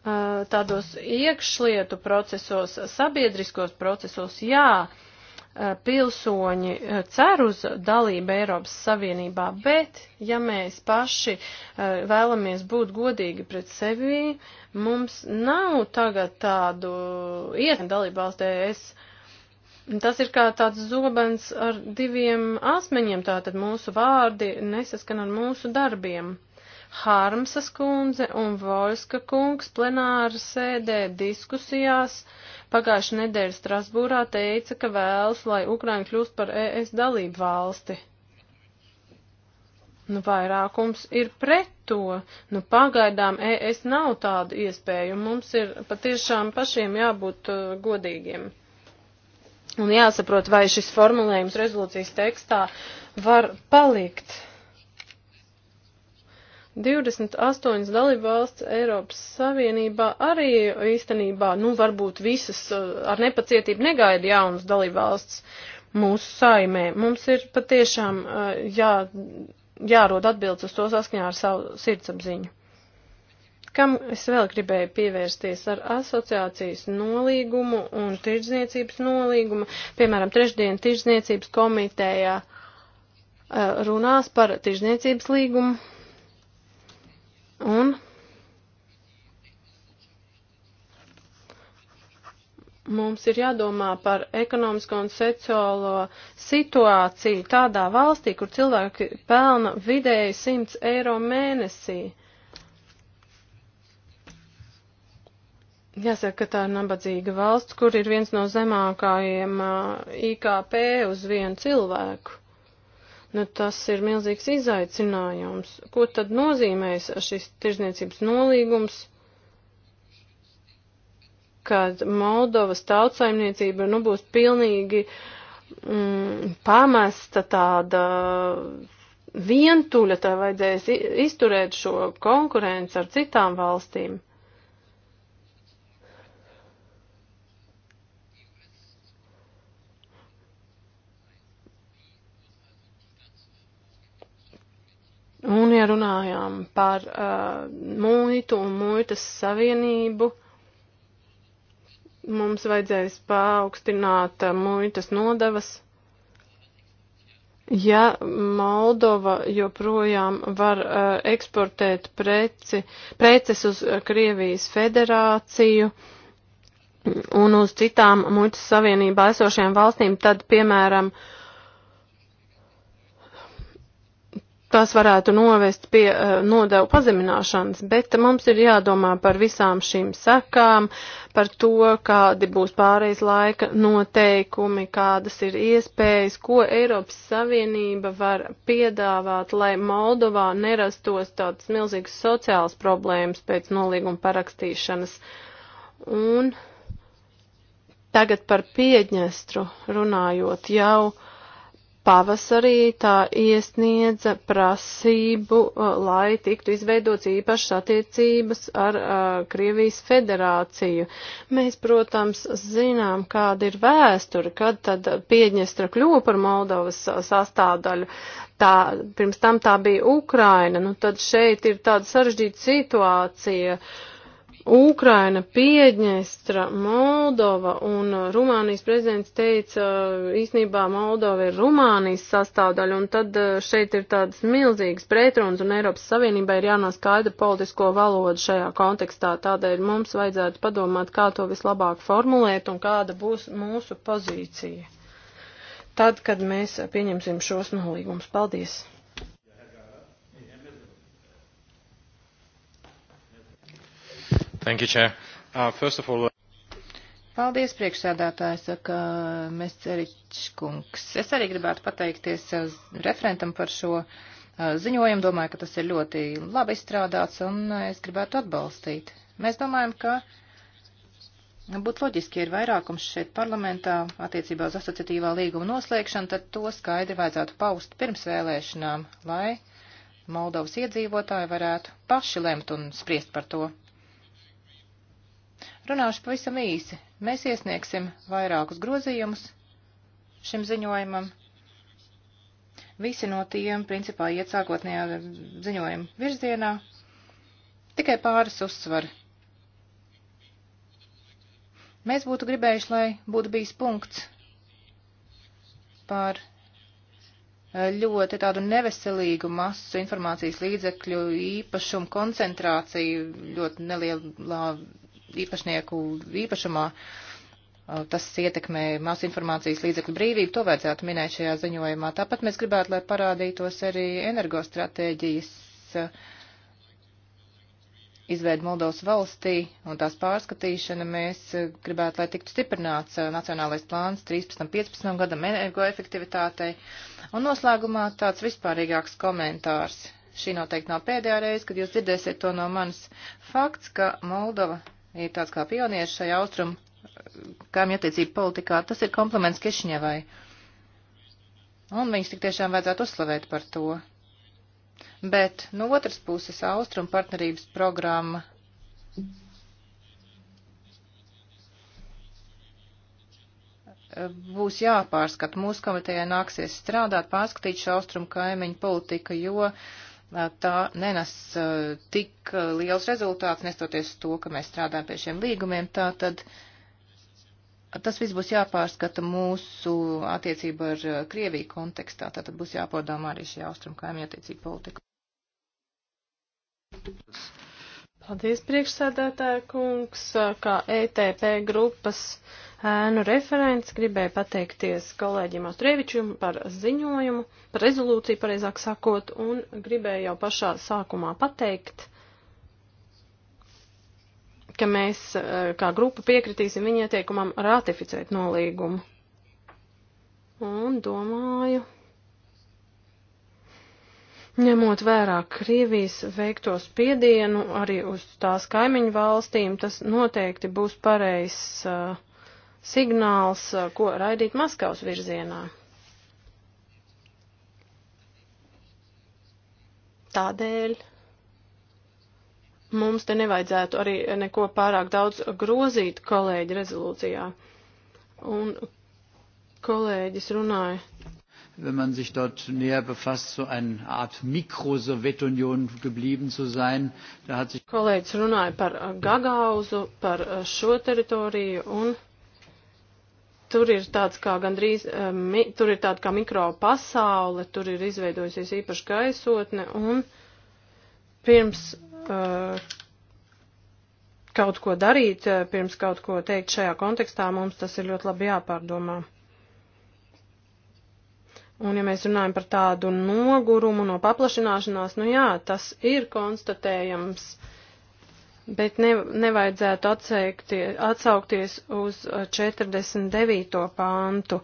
tādos iekšlietu procesos, sabiedriskos procesos, jā, pilsoņi cer uz dalību Eiropas Savienībā, bet ja mēs paši vēlamies būt godīgi pret sevi, mums nav tagad tādu ietni dalību valstēs. Tas ir kā tāds zobens ar diviem asmeņiem, tātad mūsu vārdi nesaskan ar mūsu darbiem. Harmsas kundze un Voļska kungs plenāra sēdē diskusijās pagājušajā nedēļā Strasbūrā teica, ka vēlas, lai Ukraina kļūst par ES dalību valsti. Nu, vairākums ir pret to. Nu, pagaidām ES nav tāda iespēja, un mums ir patiešām pašiem jābūt uh, godīgiem. Un jāsaprot, vai šis formulējums rezolūcijas tekstā var palikt. 28 dalībvalsts Eiropas Savienībā arī īstenībā, nu, varbūt visas eh, ar nepacietību negaida jaunas dalībvalsts mūsu saimē. Mums ir patiešām eh, jā, jārod atbildes uz to saskaņā ar savu sirdsapziņu. Kam es vēl gribēju pievērsties ar asociācijas nolīgumu un tirdzniecības nolīgumu, piemēram, trešdien tirdzniecības komitējā eh, runās par tirdzniecības līgumu Un mums ir jādomā par ekonomisko un sociālo situāciju tādā valstī, kur cilvēki pelna vidēji 100 eiro mēnesī. Jāsaka, ka tā ir nabadzīga valsts, kur ir viens no zemākajiem IKP uz vienu cilvēku. Nu, tas ir milzīgs izaicinājums. Ko tad nozīmēs šis tirzniecības nolīgums, kad Moldovas tautsaimniecība nu, būs pilnīgi mm, pamesta tāda vientuļa, tā vajadzēs izturēt šo konkurenci ar citām valstīm? Un, ja runājām par uh, muitu un muitas savienību, mums vajadzēs paaugstināt uh, muitas nodevas. Ja Moldova joprojām var uh, eksportēt preci, preces uz uh, Krievijas federāciju, uh, un uz citām muitas savienībā esošajām valstīm, tad, piemēram, uh, tas varētu novest pie uh, nodevu pazemināšanas, bet mums ir jādomā par visām šīm sekām, par to, kādi būs pārējais laika noteikumi, kādas ir iespējas, ko Eiropas Savienība var piedāvāt, lai Moldovā nerastos tādas milzīgas sociālas problēmas pēc nolīguma parakstīšanas. Un tagad par Piedņestru runājot jau pavasarī tā iesniedza prasību, uh, lai tiktu izveidots īpašas attiecības ar uh, Krievijas federāciju. Mēs, protams, zinām, kāda ir vēsture, kad tad Piedņestra kļuva par Moldovas uh, sastāvdaļu. Tā, pirms tam tā bija Ukraina, nu tad šeit ir tāda sarežģīta situācija. Uh, Ukraina, Piedņestra, Moldova un Rumānijas prezidents teica, uh, īsnībā Moldova ir Rumānijas sastāvdaļa, un tad uh, šeit ir tādas milzīgas pretrunas, un Eiropas Savienībai ir jānoskaidra politisko valodu šajā kontekstā. Tādēļ mums vajadzētu padomāt, kā to vislabāk formulēt un kāda būs mūsu pozīcija. Tad, kad mēs pieņemsim šos nolīgumus. Paldies! Thank you, Chair. Uh, first of all, uh, Paldies, priekšsēdātāji, saka uh, Meseričkungs. Es arī gribētu pateikties uh, referentam par šo ziņojumu. Domāju, ka tas ir ļoti labi izstrādāts un es gribētu atbalstīt. Mēs domājam, ka būtu loģiski, ja ir vairākums šeit parlamentā attiecībā uz asociatīvā līguma noslēgšanu, tad to skaidri vajadzētu paust pirms vēlēšanām, lai Moldovas iedzīvotāji varētu paši lemt un spriest par to. Runāšu pavisam īsi. Mēs iesniegsim vairākus grozījumus šim ziņojumam. Visi no tiem, principā, iet sākotnējā ziņojuma virzienā. Tikai pāris uzsvari. Mēs būtu gribējuši, lai būtu bijis punkts par eh, ļoti tādu neveselīgu masu informācijas līdzekļu īpašumu koncentrāciju ļoti nelielā īpašnieku īpašumā. Tas ietekmē masu informācijas līdzekļu brīvību, to vajadzētu minēt šajā ziņojumā. Tāpat mēs gribētu, lai parādītos arī energostratēģijas izveidu Moldovas valstī un tās pārskatīšana, mēs gribētu, lai tiktu stiprināts nacionālais plāns 13-15 gadam energoefektivitātei. Un noslēgumā tāds vispārīgāks komentārs. Šī noteikti nav pēdējā reize, kad jūs dzirdēsiet to no manis. Fakts, ka Moldova ir tāds kā pionieris šajā austrumu eh, kaimiņu attiecību politikā, tas ir kompliments Kišņevai. Un viņus tik tiešām vajadzētu uzslavēt par to. Bet no otras puses austrumu partnerības programma būs jāpārskat. Mūsu komitejai nāksies strādāt, pārskatīt šo austrumu kaimiņu politiku, jo uh, tā nenes tik liels rezultāts, nestoties to, ka mēs strādājam pie šiem līgumiem, tā tad tas viss būs jāpārskata mūsu attiecību ar Krieviju kontekstā, tā tad būs jāpārdomā arī šī austrumu kaimiņa attiecība politika. Paldies, priekšsēdētāja kungs, kā ETP grupas ēnu referents, gribēju pateikties kolēģiem Astrievičam par ziņojumu, par rezolūciju, pareizāk sakot, un gribēju jau pašā sākumā pateikt, ka mēs eh, kā grupa piekritīsim viņa ieteikumam ratificēt nolīgumu. Un domāju, Ņemot vērā Krievijas veikto spiedienu arī uz tās kaimiņu valstīm, tas noteikti būs pareizs uh, signāls, eh, ko raidīt Maskavas virzienā. Tādēļ mums te nevajadzētu arī neko pārāk daudz grozīt kolēģi rezolūcijā. Un kolēģis runāja. Wenn man sich dort näher befasst, so eine Art Mikro-Sowjetunion geblieben zu sein, da hat sich. Kolēģis runāja par Gagauzu, par eh, šo teritoriju un. Tur ir tāds kā gandrīz, eh, mi, tur ir tāda kā mikro pasaule, tur ir izveidojusies īpaša gaisotne un pirms uh, kaut ko darīt, eh, pirms kaut ko teikt šajā kontekstā, mums tas ir ļoti labi jāpārdomā. Un, ja mēs runājam par tādu nogurumu no paplašināšanās, nu jā, tas ir konstatējams bet ne, nevajadzētu atsaukties uz 49. pāntu.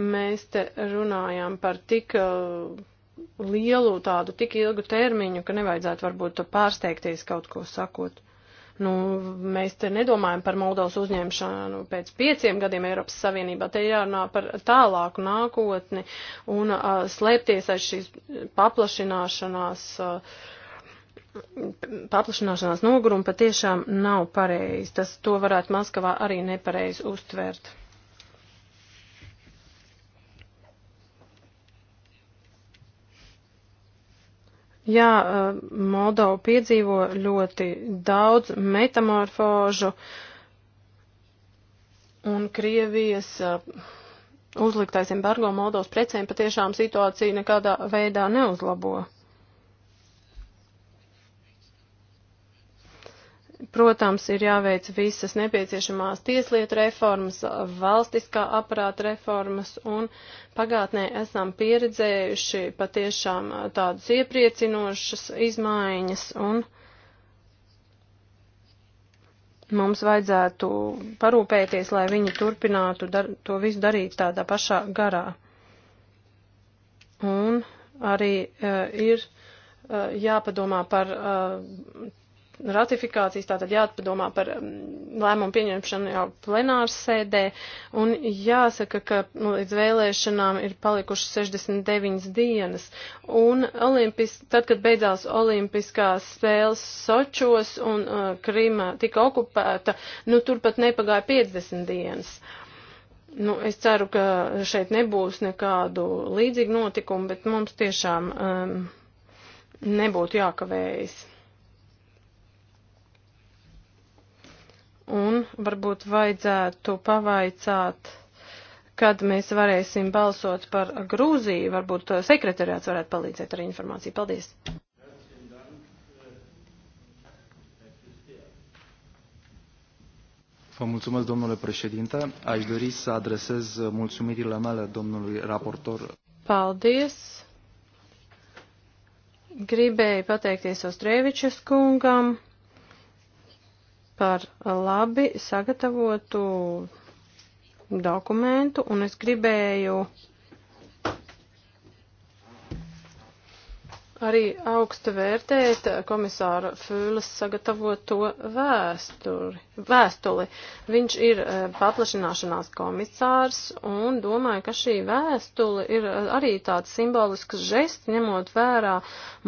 Mēs te runājam par tik uh, lielu tādu, tik ilgu termiņu, ka nevajadzētu varbūt pārsteigties kaut ko sakot. Nu, mēs te nedomājam par Moldovas uzņemšanu pēc pieciem gadiem Eiropas Savienībā. Te jārunā par tālāku nākotni un uh, slēpties aiz šīs paplašināšanās. Uh, paplašanāšanās noguruma patiešām nav pareizi. Tas to varētu Maskavā arī nepareizi uztvert. Jā, eh, Moldova piedzīvo ļoti daudz metamorfožu un Krievijas eh, uzliktais embargo Moldovas precēm patiešām situāciju nekādā veidā neuzlabo. Protams, ir jāveic visas nepieciešamās tieslietu reformas, valstiskā aparāta reformas, un pagātnē esam pieredzējuši patiešām tādas iepriecinošas izmaiņas, un mums vajadzētu parūpēties, lai viņi turpinātu dar, to visu darīt tādā pašā garā. Un arī uh, ir uh, jāpadomā par. Uh, ratifikācijas, tātad jāpadomā par mm, lēmumu pieņemšanu jau plenārs sēdē, un jāsaka, ka nu, līdz vēlēšanām ir palikušas 69 dienas, un olimpis, tad, kad beidzās olimpiskās spēles Sočos un uh, Krima tika okupēta, nu turpat nepagāja 50 dienas. Nu, es ceru, ka šeit nebūs nekādu līdzīgu notikumu, bet mums tiešām um, nebūtu jākavējas. un varbūt vajadzētu pavaicāt, kad mēs varēsim balsot par Grūziju. Varbūt sekretariāts varētu palīdzēt ar informāciju. Paldies! Vă mulțumesc, domnule președinte. Aș dori să adresez mulțumirile mele domnului raportor. Paldies! Gribēju pateikties Ostrēvičas kungam par labi sagatavotu dokumentu, un es gribēju arī augstu vērtēt komisāra Fūles sagatavoto vēsturi, vēstuli. Viņš ir e, paplašināšanās komisārs un domāju, ka šī vēstule ir e, arī tāds simbolisks žests, ņemot vērā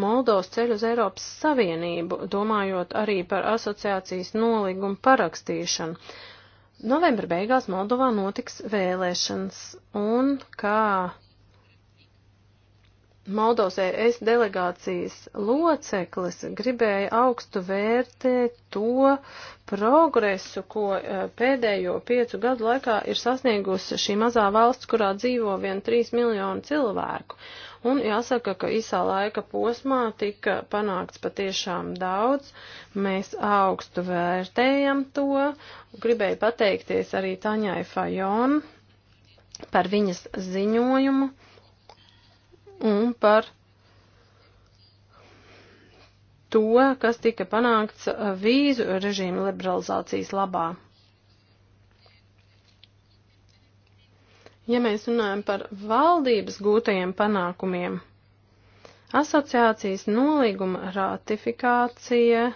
Moldovas ceļu uz Eiropas Savienību, domājot arī par asociācijas nolīgumu parakstīšanu. Novembra beigās Moldovā notiks vēlēšanas un kā Moldovas ES delegācijas loceklis gribēja augstu vērtēt to progresu, ko eh, pēdējo piecu gadu laikā ir sasniegusi šī mazā valsts, kurā dzīvo vien 3 miljonu cilvēku. Un jāsaka, ka īsā laika posmā tika panākts patiešām daudz. Mēs augstu vērtējam to. Gribēju pateikties arī Taņai Fajon par viņas ziņojumu un par to, kas tika panākts vīzu režīmu liberalizācijas labā. Ja mēs runājam par valdības gūtajiem panākumiem, asociācijas nolīguma ratifikācija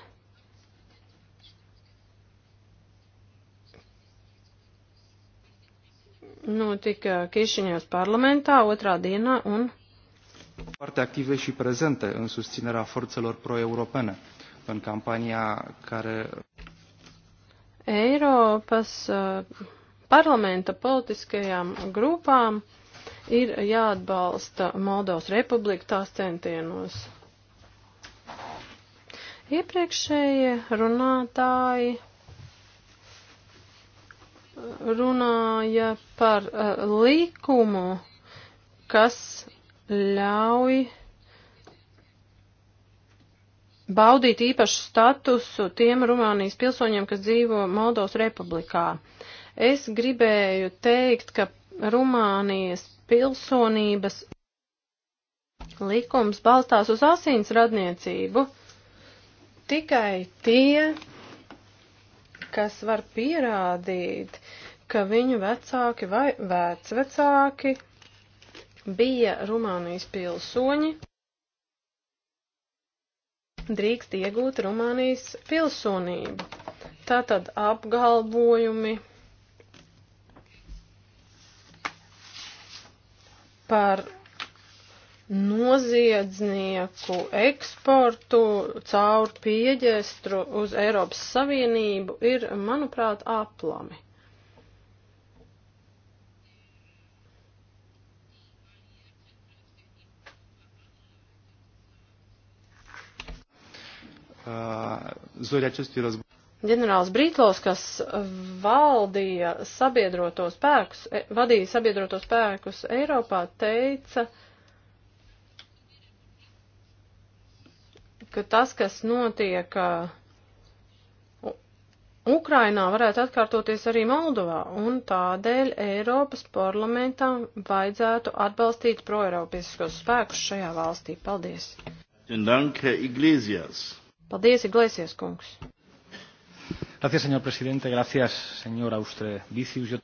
notika Kišiņos parlamentā otrā dienā un Foarte active și prezente în susținerea forțelor pro-europene în campania care. Eiropas uh, parlamenta politiskajām grupām ir jāatbalsta Moldovas republika tās centienos. Iepriekšējie runātāji runāja par uh, likumu, kas ļauj baudīt īpašu statusu tiem Rumānijas pilsoņiem, kas dzīvo Moldovas republikā. Es gribēju teikt, ka Rumānijas pilsonības likums balstās uz asins radniecību. Tikai tie, kas var pierādīt, ka viņu vecāki vai vecvecāki bija Rumānijas pilsoņi, drīkst iegūt Rumānijas pilsonību. Tātad apgalvojumi par noziedznieku eksportu caur pieģestru uz Eiropas Savienību ir, manuprāt, aplami. Zoļačusti э, razbūt. Ģenerālis Brītlovs, kas valdīja sabiedroto spēkus, e, vadīja sabiedroto spēkus Eiropā, teica, ka tas, kas notiek uh, Ukrainā, varētu atkārtoties arī Moldovā, un tādēļ Eiropas parlamentam vajadzētu atbalstīt proeiropiskos spēkus šajā valstī. Paldies! Danke, Iglesias. Paldies, Iglesias kungs! Gracias, señor presidente, gracias, señora Austrevicius. Yo...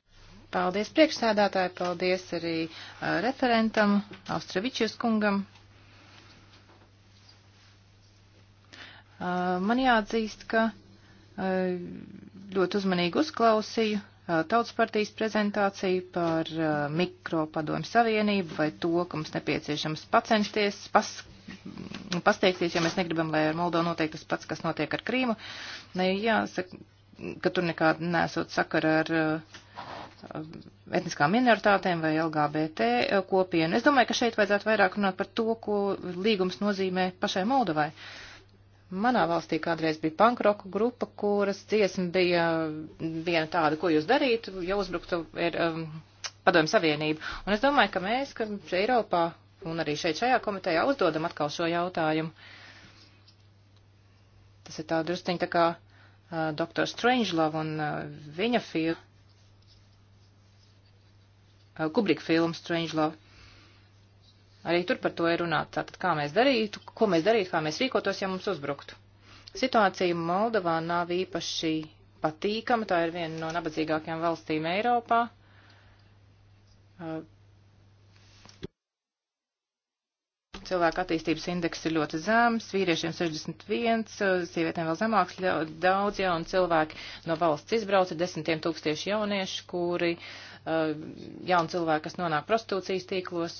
Paldies priekšsēdātāji, paldies arī uh, referentam Austrevičius kungam. Uh, man jāatzīst, ka uh, ļoti uzmanīgi uzklausīju uh, Tautas partijas prezentāciju par uh, mikropadomu savienību vai to, ka mums nepieciešams pacensties, pas, pasteigsies, ja mēs negribam, lai ar Moldovu notiek tas pats, kas notiek ar Krīmu. Ne, jāsaka, ka tur nekāda nesot sakara ar uh, etniskām minoritātēm vai LGBT uh, kopienu. Es domāju, ka šeit vajadzētu vairāk runāt par to, ko līgums nozīmē pašai Moldovai. Manā valstī kādreiz bija pankroku grupa, kuras dziesma bija viena tāda, ko jūs darītu, ja uzbruktu ir, um, padomju savienību. Un es domāju, ka mēs, ka Eiropā un arī šeit šajā komitejā uzdodam atkal šo jautājumu. Tas ir tā drusciņi tā kā uh, Dr. Strangelove un uh, viņa filma, uh, Kubrika filma Strangelove. Arī tur par to ir runāts, tātad kā mēs darītu, ko mēs darītu, kā mēs rīkotos, ja mums uzbruktu. Situācija Moldovā nav īpaši patīkama, tā ir viena no nabadzīgākajām valstīm Eiropā. Uh, cilvēku attīstības indeks ir ļoti zems, vīriešiem 61, sievietēm vēl zemāks, daudz jaunu cilvēku no valsts izbrauc, ir desmitiem tūkstieši jaunieši, kuri eh, jauni cilvēki, kas nonāk prostitūcijas tīklos,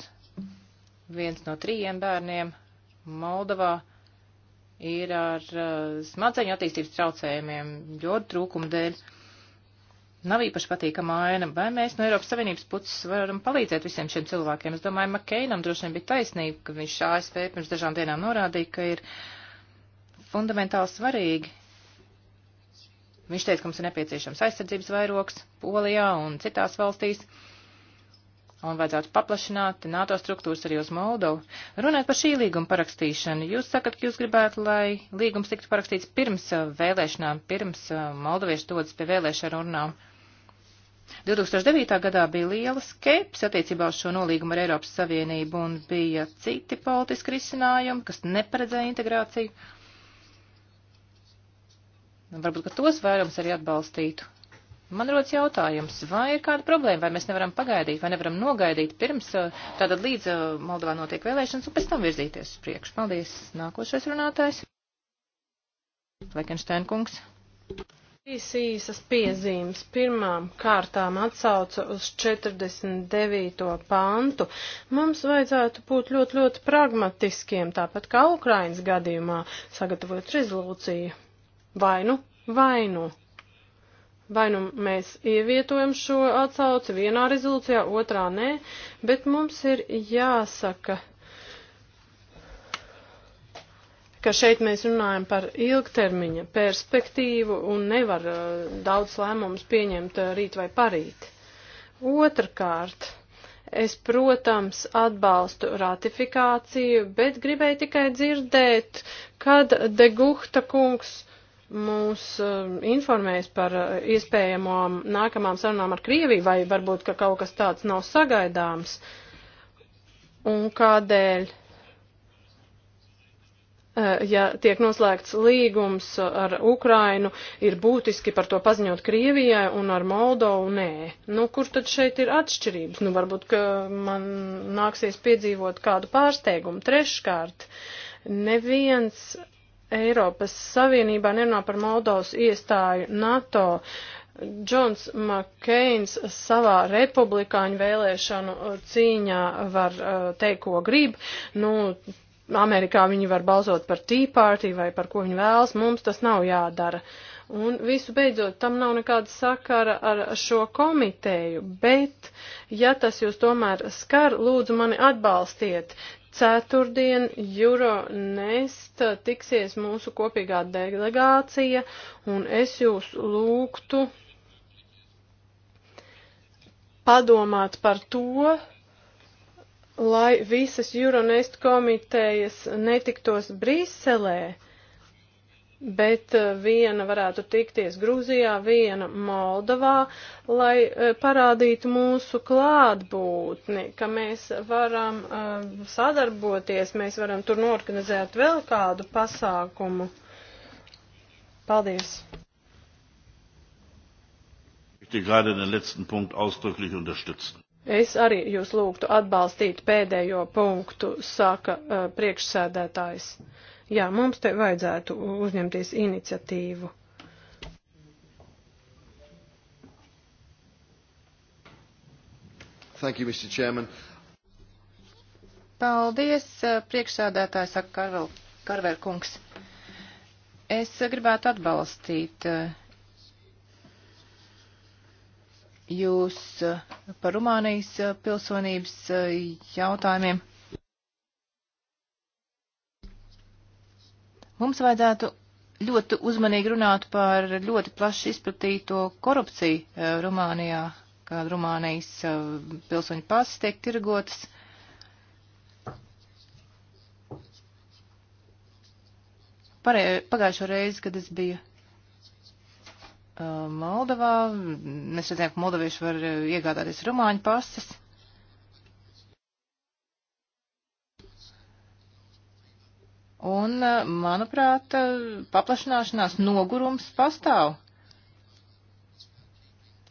viens no trījiem bērniem Moldovā ir ar eh, smadzeņu attīstības traucējumiem ļoti trūkumu dēļ nav īpaši patīkama aina. Vai mēs no Eiropas Savienības puses varam palīdzēt visiem šiem cilvēkiem? Es domāju, Makeinam droši vien bija taisnība, ka viņš ASV pirms dažām dienām norādīja, ka ir fundamentāli svarīgi. Viņš teica, ka mums ir nepieciešams aizsardzības vairoks Polijā un citās valstīs un vajadzētu paplašināt NATO struktūras arī uz Moldovu. Runājot par šī līguma parakstīšanu, jūs sakat, ka jūs gribētu, lai līgums tiktu parakstīts pirms uh, vēlēšanām, pirms uh, moldovieši dodas pie vēlēšanu urnām. 2009. gadā bija liela skepse attiecībā uz šo nolīgumu ar Eiropas Savienību un bija citi politiski risinājumi, kas neparedzēja integrāciju. Varbūt, ka tos vairums arī atbalstītu. Man rodas jautājums, vai ir kāda problēma, vai mēs nevaram pagaidīt, vai nevaram nogaidīt pirms, uh, tātad līdz uh, Moldovā notiek vēlēšanas un pēc tam virzīties uz priekšu. Paldies. Nākošais runātājs. Lekenštēn kungs. Trīs īsas piezīmes. Pirmām kārtām atsauca uz 49. pantu. Mums vajadzētu būt ļoti, ļoti pragmatiskiem, tāpat kā Ukrainas gadījumā, sagatavot rezolūciju. Vainu, vainu. Vai nu mēs ievietojam šo atsauci vienā rezolūcijā, otrā nē, bet mums ir jāsaka, ka šeit mēs runājam par ilgtermiņa perspektīvu un nevar uh, daudz lēmumus pieņemt uh, rīt vai parīt. Otrakārt, es, protams, atbalstu ratifikāciju, bet gribēju tikai dzirdēt, kad de Guhta kungs mūs uh, informēs par iespējamām nākamām sarunām ar Krieviju, vai varbūt, ka kaut kas tāds nav sagaidāms, un kādēļ Eh, ja tiek noslēgts līgums ar Ukrainu, ir būtiski par to paziņot Krievijai un ar Moldovu nē. Nu, kur tad šeit ir atšķirības? Nu, varbūt, ka man nāksies piedzīvot kādu pārsteigumu. Treškārt, neviens Eiropas Savienībā nerunā par Moldovas iestāju NATO. Džons Makkeins savā republikāņu vēlēšanu cīņā var eh, teikt, ko grib. Nu, Amerikā viņi var balsot par Tea Party vai par ko viņi vēlas, mums tas nav jādara. Un visu beidzot, tam nav nekāda sakara ar šo komiteju, bet, ja tas jūs tomēr skar, lūdzu mani atbalstiet. Ceturtdien Euronest tiksies mūsu kopīgā delegācija, un es jūs lūgtu padomāt par to, lai visas Euronest komitejas netiktos Briselē, bet eh, viena varētu tikties Grūzijā, viena Moldovā, lai eh, parādītu mūsu klātbūtni, ka mēs varam eh, sadarboties, mēs varam tur norganizēt vēl kādu pasākumu. Paldies! Ich möchte gerade den letzten Punkt ausdrücklich unterstützen. Es arī jūs lūgtu atbalstīt pēdējo punktu, saka uh, priekšsēdētājs. Jā, mums te vajadzētu uzņemties iniciatīvu. Thank you, Mr. Chairman. Paldies, eh, priekšsēdētājs Karvel, Karver kungs. Es gribētu atbalstīt uh, jūs eh, par Rumānijas eh, pilsonības eh, jautājumiem. Mums vajadzētu ļoti uzmanīgi runāt par ļoti plaši izplatīto korupciju Rumānijā, kad Rumānijas pilsoņu pasas tiek tirgotas. Pagājušo reizi, kad es biju Uh, Moldovā. Mēs redzējām, ka moldovieši var uh, iegādāties rumāņu pases. Un, uh, manuprāt, paplašināšanās nogurums pastāv.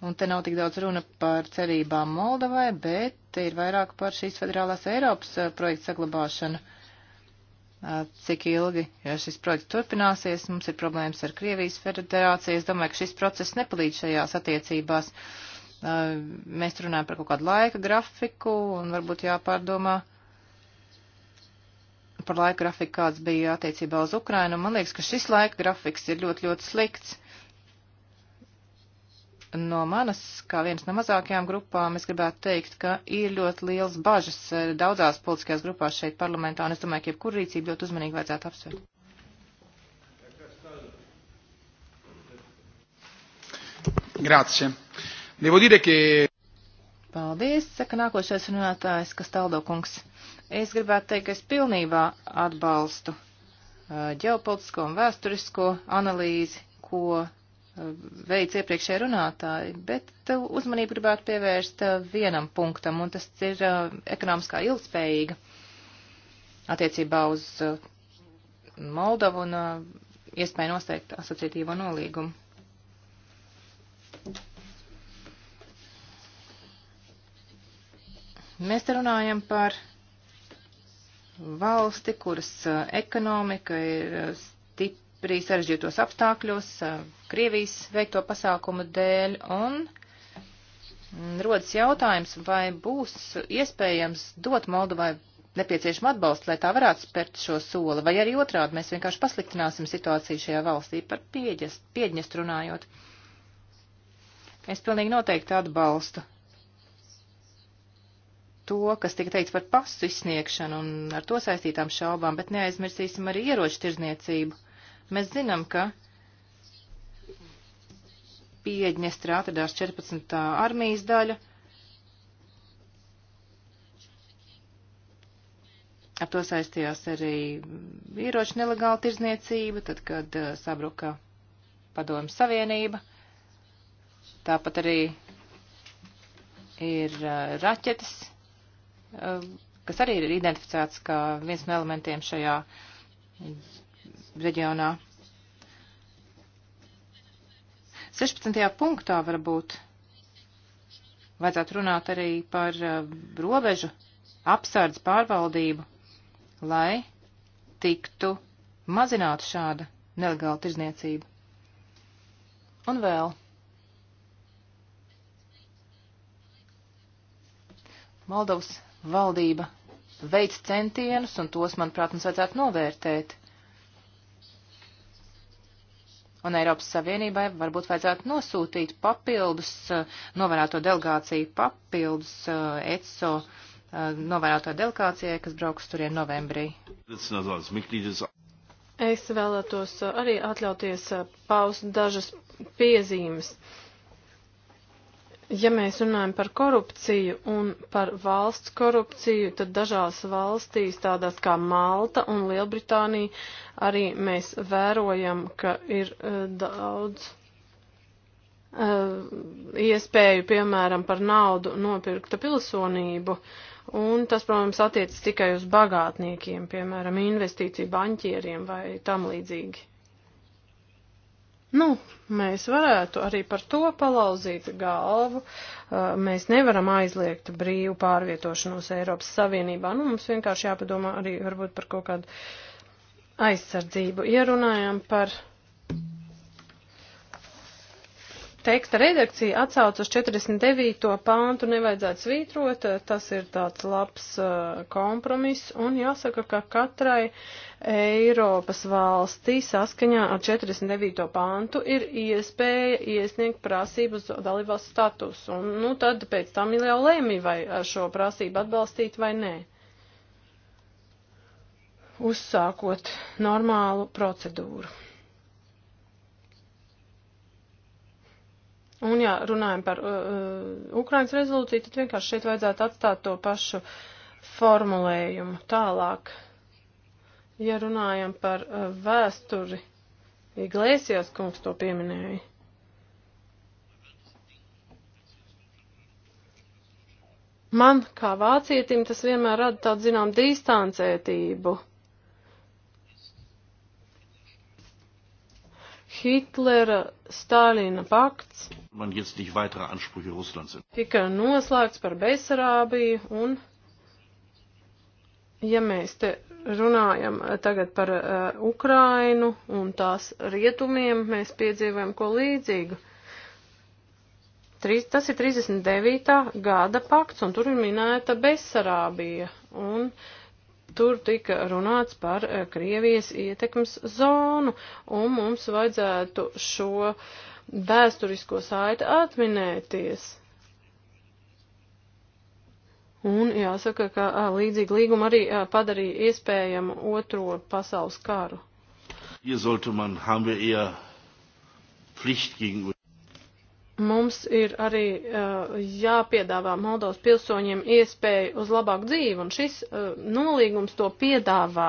Un te nav tik daudz runa par cerībām Moldovai, bet te ir vairāk par šīs federālās Eiropas projekta saglabāšanu. Uh, cik ilgi ja šis projekts turpināsies. Mums ir problēmas ar Krievijas federāciju. Es domāju, ka šis process nepalīdz šajās attiecībās. Mēs runājam par kaut kādu laika grafiku un varbūt jāpārdomā par laika grafiku, kāds bija attiecībā uz Ukrainu. Man liekas, ka šis laika grafiks ir ļoti, ļoti slikts no manas, kā viens no mazākajām grupām, es gribētu teikt, ka ir ļoti liels bažas eh, daudzās politiskajās grupās šeit parlamentā, un es domāju, ka jebkuru rīcību ļoti uzmanīgi vajadzētu apsvērt. Grazie. Devo dire che... Ka... Paldies, saka nākošais runātājs, kas taldo kungs. Es gribētu teikt, ka es pilnībā atbalstu eh, ģeopolitisko un vēsturisko analīzi, ko veids iepriekšēji runātāji, bet uzmanību gribētu pievērst eh, vienam punktam, un tas ir eh, ekonomiskā ilgspējīga attiecībā uz eh, Moldovu un iespēju nosteikt asociatīvo nolīgumu. Mēs te runājam par valsti, kuras ekonomika ir arī sarežģītos apstākļos Krievijas veikto pasākumu dēļ, un rodas jautājums, vai būs iespējams dot Moldovai nepieciešama atbalsta, lai tā varētu spērt šo soli, vai arī otrādi mēs vienkārši pasliktināsim situāciju šajā valstī par pieģest runājot. Es pilnīgi noteikti atbalstu to, kas tika teikts par pasu izsniegšanu un ar to saistītām šaubām, bet neaizmirsīsim arī ieroču tirzniecību. Mēs zinām, ka Piedņestrā atradās 14. armijas daļa. Ar to saistījās arī vīroču nelegāla tirzniecība, tad, kad eh, sabruka padomju savienība. Tāpat arī ir eh, raķetes, eh, kas arī ir identificēts kā viens no elementiem šajā reģionā. 16. punktā varbūt vajadzētu runāt arī par eh, robežu apsardz pārvaldību, lai tiktu mazinātu šāda nelegāla tirzniecība. Un vēl. Moldovas valdība veids centienus, un tos, manuprāt, mums vajadzētu novērtēt un Eiropas Savienībai varbūt vajadzētu nosūtīt papildus eh, novērēto delegāciju, papildus ECO eh, eh, novērēto delegācijai, kas brauks turien novembrī. Es vēlētos arī atļauties paust dažas piezīmes. Uh, Ja mēs runājam par korupciju un par valsts korupciju, tad dažās valstīs, tādās kā Malta un Lielbritānija, arī mēs vērojam, ka ir uh, daudz uh, iespēju, piemēram, par naudu nopirkta pilsonību. Un tas, protams, attiecas tikai uz bagātniekiem, piemēram, investīciju baņķieriem vai tam līdzīgi. Nu, mēs varētu arī par to palauzīt galvu. Uh, mēs nevaram aizliegt brīvu pārvietošanos Eiropas Savienībā. Nu, mums vienkārši jāpadomā arī varbūt par kaut kādu aizsardzību. Ierunājām par teksta redakcija atsauc uz 49. pāntu nevajadzētu svītrot, eh, tas ir tāds labs uh, kompromiss, un jāsaka, ka katrai Eiropas valstī saskaņā ar 49. pāntu ir iespēja iesniegt prasību uz dalībās status, un nu tad pēc tam ir jau lēmī, vai eh, šo prasību atbalstīt vai nē. Uzsākot normālu procedūru. Un, ja runājam par uh, uh, Ukrainas rezolūciju, tad vienkārši šeit vajadzētu atstāt to pašu formulējumu tālāk. Ja runājam par uh, vēsturi, Iglesias kungs to pieminēja. Man, kā vācietim, tas vienmēr rada tādu, zinām, distancētību. Hitlera Stālina pakts tika noslēgts par Besarābiju un, ja mēs te runājam eh, tagad par uh, Ukrainu un tās rietumiem, mēs piedzīvojam ko līdzīgu. Trīs, tas ir 39. gada pakts, un tur ir minēta Besarābija. Un, uh, tur tika runāts par eh, Krievijas ietekmes zonu, un mums vajadzētu šo vēsturisko saiti atminēties. Un jāsaka, ka eh, līdzīgi līguma arī eh, padarīja iespējamu otro pasaules karu. Hier sollte man, haben wir eher Pflicht gegenüber. Mums ir arī uh, jāpiedāvā Moldovas pilsoņiem iespēju uz labāku dzīvi, un šis uh, nolīgums to piedāvā.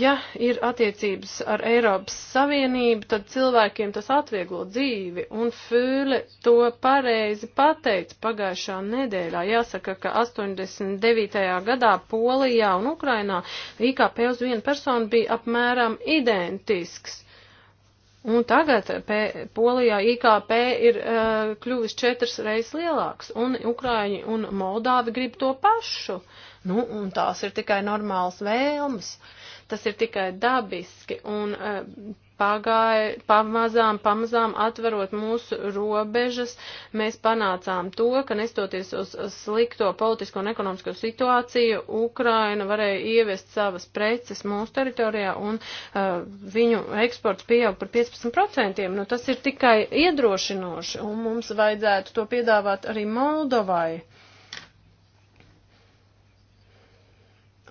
Ja ir attiecības ar Eiropas Savienību, tad cilvēkiem tas atvieglo dzīvi, un Fūle to pareizi pateica pagājušā nedēļā. Jāsaka, ka 89. gadā Polijā un Ukrainā IKP uz vienu personu bija apmēram identisks. Un tagad P Polijā IKP ir uh, kļuvis četras reizes lielāks, un Ukraiņi un Moldāvi grib to pašu. Nu, un tās ir tikai normālas vēlmes. Tas ir tikai dabiski, un uh, pagāja, pamazām, pamazām atverot mūsu robežas, mēs panācām to, ka nestoties uz slikto politisko un ekonomisko situāciju, Ukraina varēja ievest savas preces mūsu teritorijā un uh, viņu eksports pieaug par 15%. Nu, tas ir tikai iedrošinoši un mums vajadzētu to piedāvāt arī Moldovai.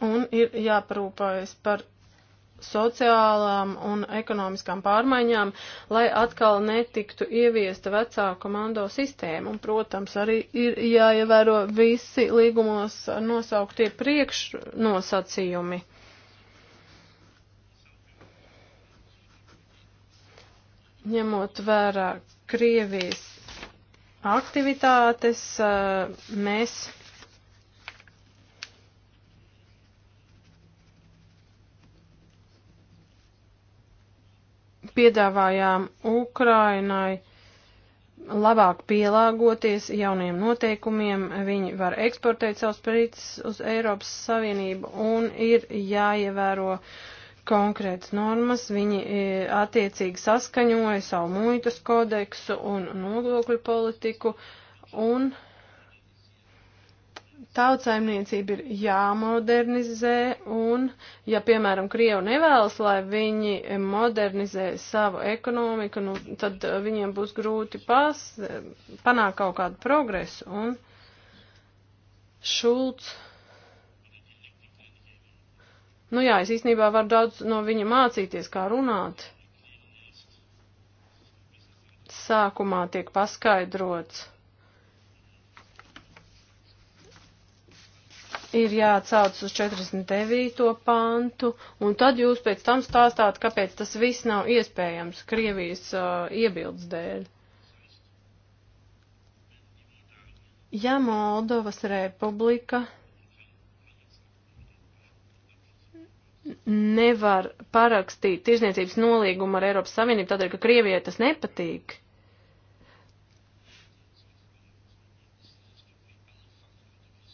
Un ir jāparūpājas par sociālām un ekonomiskām pārmaiņām, lai atkal netiktu ieviesta vecā komando sistēma. Un, protams, arī ir jāievēro visi līgumos nosauktie priekšnosacījumi. Ņemot vērā Krievijas aktivitātes, eh, mēs piedāvājām Ukrainai labāk pielāgoties jauniem noteikumiem, viņi var eksportēt savus prīces uz Eiropas Savienību un ir jāievēro konkrētas normas, viņi e, attiecīgi saskaņoja savu muitas kodeksu un nodokļu politiku un uh, Tautsaimniecība ir jāmodernizē un, ja, piemēram, Krievi nevēlas, lai viņi modernizē savu ekonomiku, nu, tad uh, viņiem būs grūti pas, eh, panākt kaut kādu progresu. Un Šulcs. Nu jā, es īstenībā varu daudz no viņa mācīties, kā runāt. Sākumā tiek paskaidrots ir jāatsauc uz 49. pantu, un tad jūs pēc tam stāstāt, kāpēc tas viss nav iespējams Krievijas uh, iebildes dēļ. Ja Moldovas republika nevar parakstīt tirzniecības nolīgumu ar Eiropas Savienību, tad ir, ka Krievijai tas nepatīk.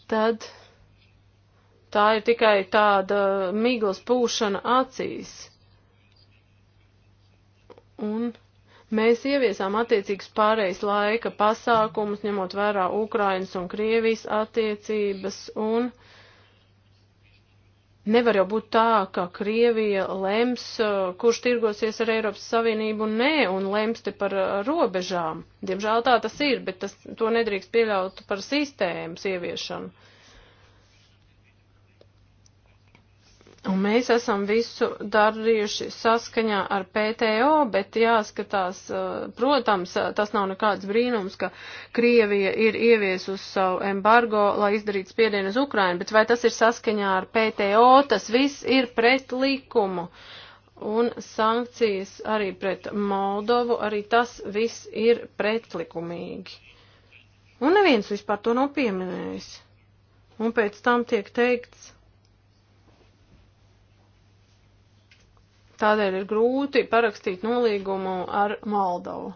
Tad tā ir tikai tāda miglas pūšana acīs. Un mēs ieviesām attiecīgus pārejas laika pasākumus, ņemot vērā Ukrainas un Krievijas attiecības, un nevar jau būt tā, ka Krievija lems, kurš tirgosies ar Eiropas Savienību un nē, un lems te par robežām. Diemžēl tā tas ir, bet tas, to nedrīkst pieļaut par sistēmas ieviešanu. Un mēs esam visu darījuši saskaņā ar PTO, bet jāskatās, eh, protams, eh, tas nav nekāds brīnums, ka Krievija ir ieviesusi savu embargo, lai izdarītu spiedienu uz Ukrainu, bet vai tas ir saskaņā ar PTO, tas viss ir pret likumu. Un sankcijas arī pret Moldovu, arī tas viss ir pretlikumīgi. Un neviens vispār to nav pieminējis. Un pēc tam tiek teikts Tādēļ ir grūti parakstīt nolīgumu ar Moldovu.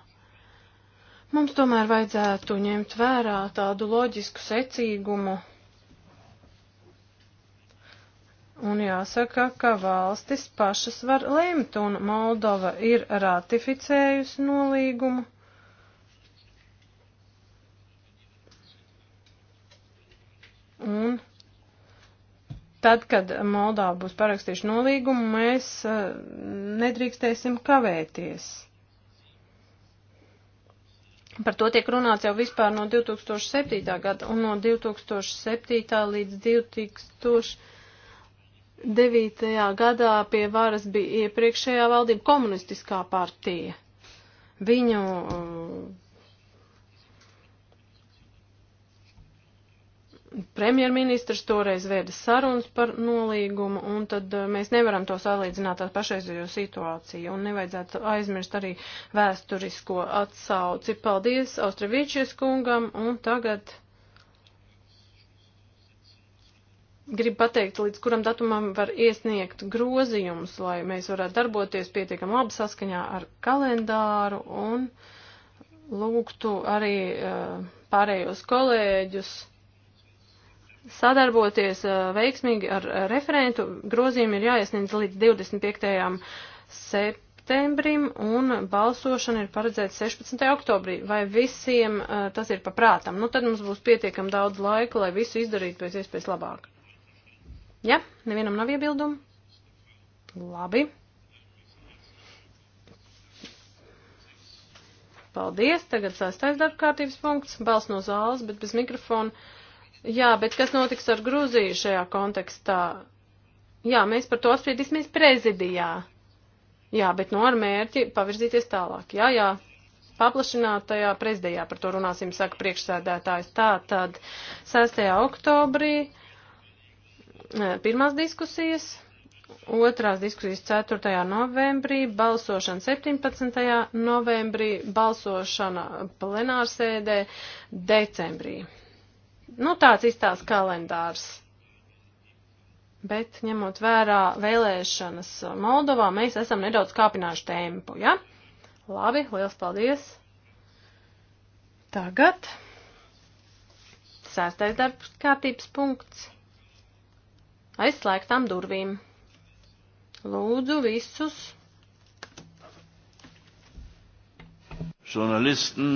Mums tomēr vajadzētu ņemt vērā tādu loģisku secīgumu. Un jāsaka, ka valstis pašas var lemt, un Moldova ir ratificējusi nolīgumu. Tad, kad Moldāva būs parakstījuši nolīgumu, mēs eh, nedrīkstēsim kavēties. Par to tiek runāts jau vispār no 2007. gada un no 2007. līdz 2009. gadā pie varas bija iepriekšējā valdība komunistiskā partija. Viņu uh, premjerministrs toreiz vēda sarunas par nolīgumu, un tad eh, mēs nevaram to salīdzināt ar pašreizējo situāciju, un nevajadzētu aizmirst arī vēsturisko atsauci. Paldies Austravičies kungam, un tagad gribu pateikt, līdz kuram datumam var iesniegt grozījumus, lai mēs varētu darboties pietiekam labi saskaņā ar kalendāru, un lūgtu arī uh, pārējos kolēģus, sadarboties eh, veiksmīgi ar eh, referentu. Grozījumi ir jāiesniedz līdz 25. septembrim un balsošana ir paredzēta 16. oktobrī. Vai visiem eh, tas ir paprātam? Nu, tad mums būs pietiekam daudz laika, lai visu izdarītu pēc iespējas labāk. Ja, nevienam nav iebildumu? Labi. Paldies, tagad sastais darbkārtības punkts, balss no zāles, bet bez mikrofona. Jā, bet kas notiks ar Grūziju šajā kontekstā? Jā, mēs par to spriedīsimies prezidijā. Jā, bet no nu ar mērķi pavirzīties tālāk. Jā, jā, paplašinātajā prezidijā par to runāsim, saka priekšsēdētājs. Tā tad 6. oktobrī e, pirmās diskusijas, otrās diskusijas 4. novembrī, balsošana 17. novembrī, balsošana plenārsēdē decembrī. Nu, tāds izstāsts kalendārs. Bet, ņemot vērā vēlēšanas Moldovā, mēs esam nedaudz kāpinājuši tempu, ja? Labi, liels paldies. Tagad sēstais darbs kārtības punkts. Aizslēgtām durvīm. Lūdzu visus. Žurnalisten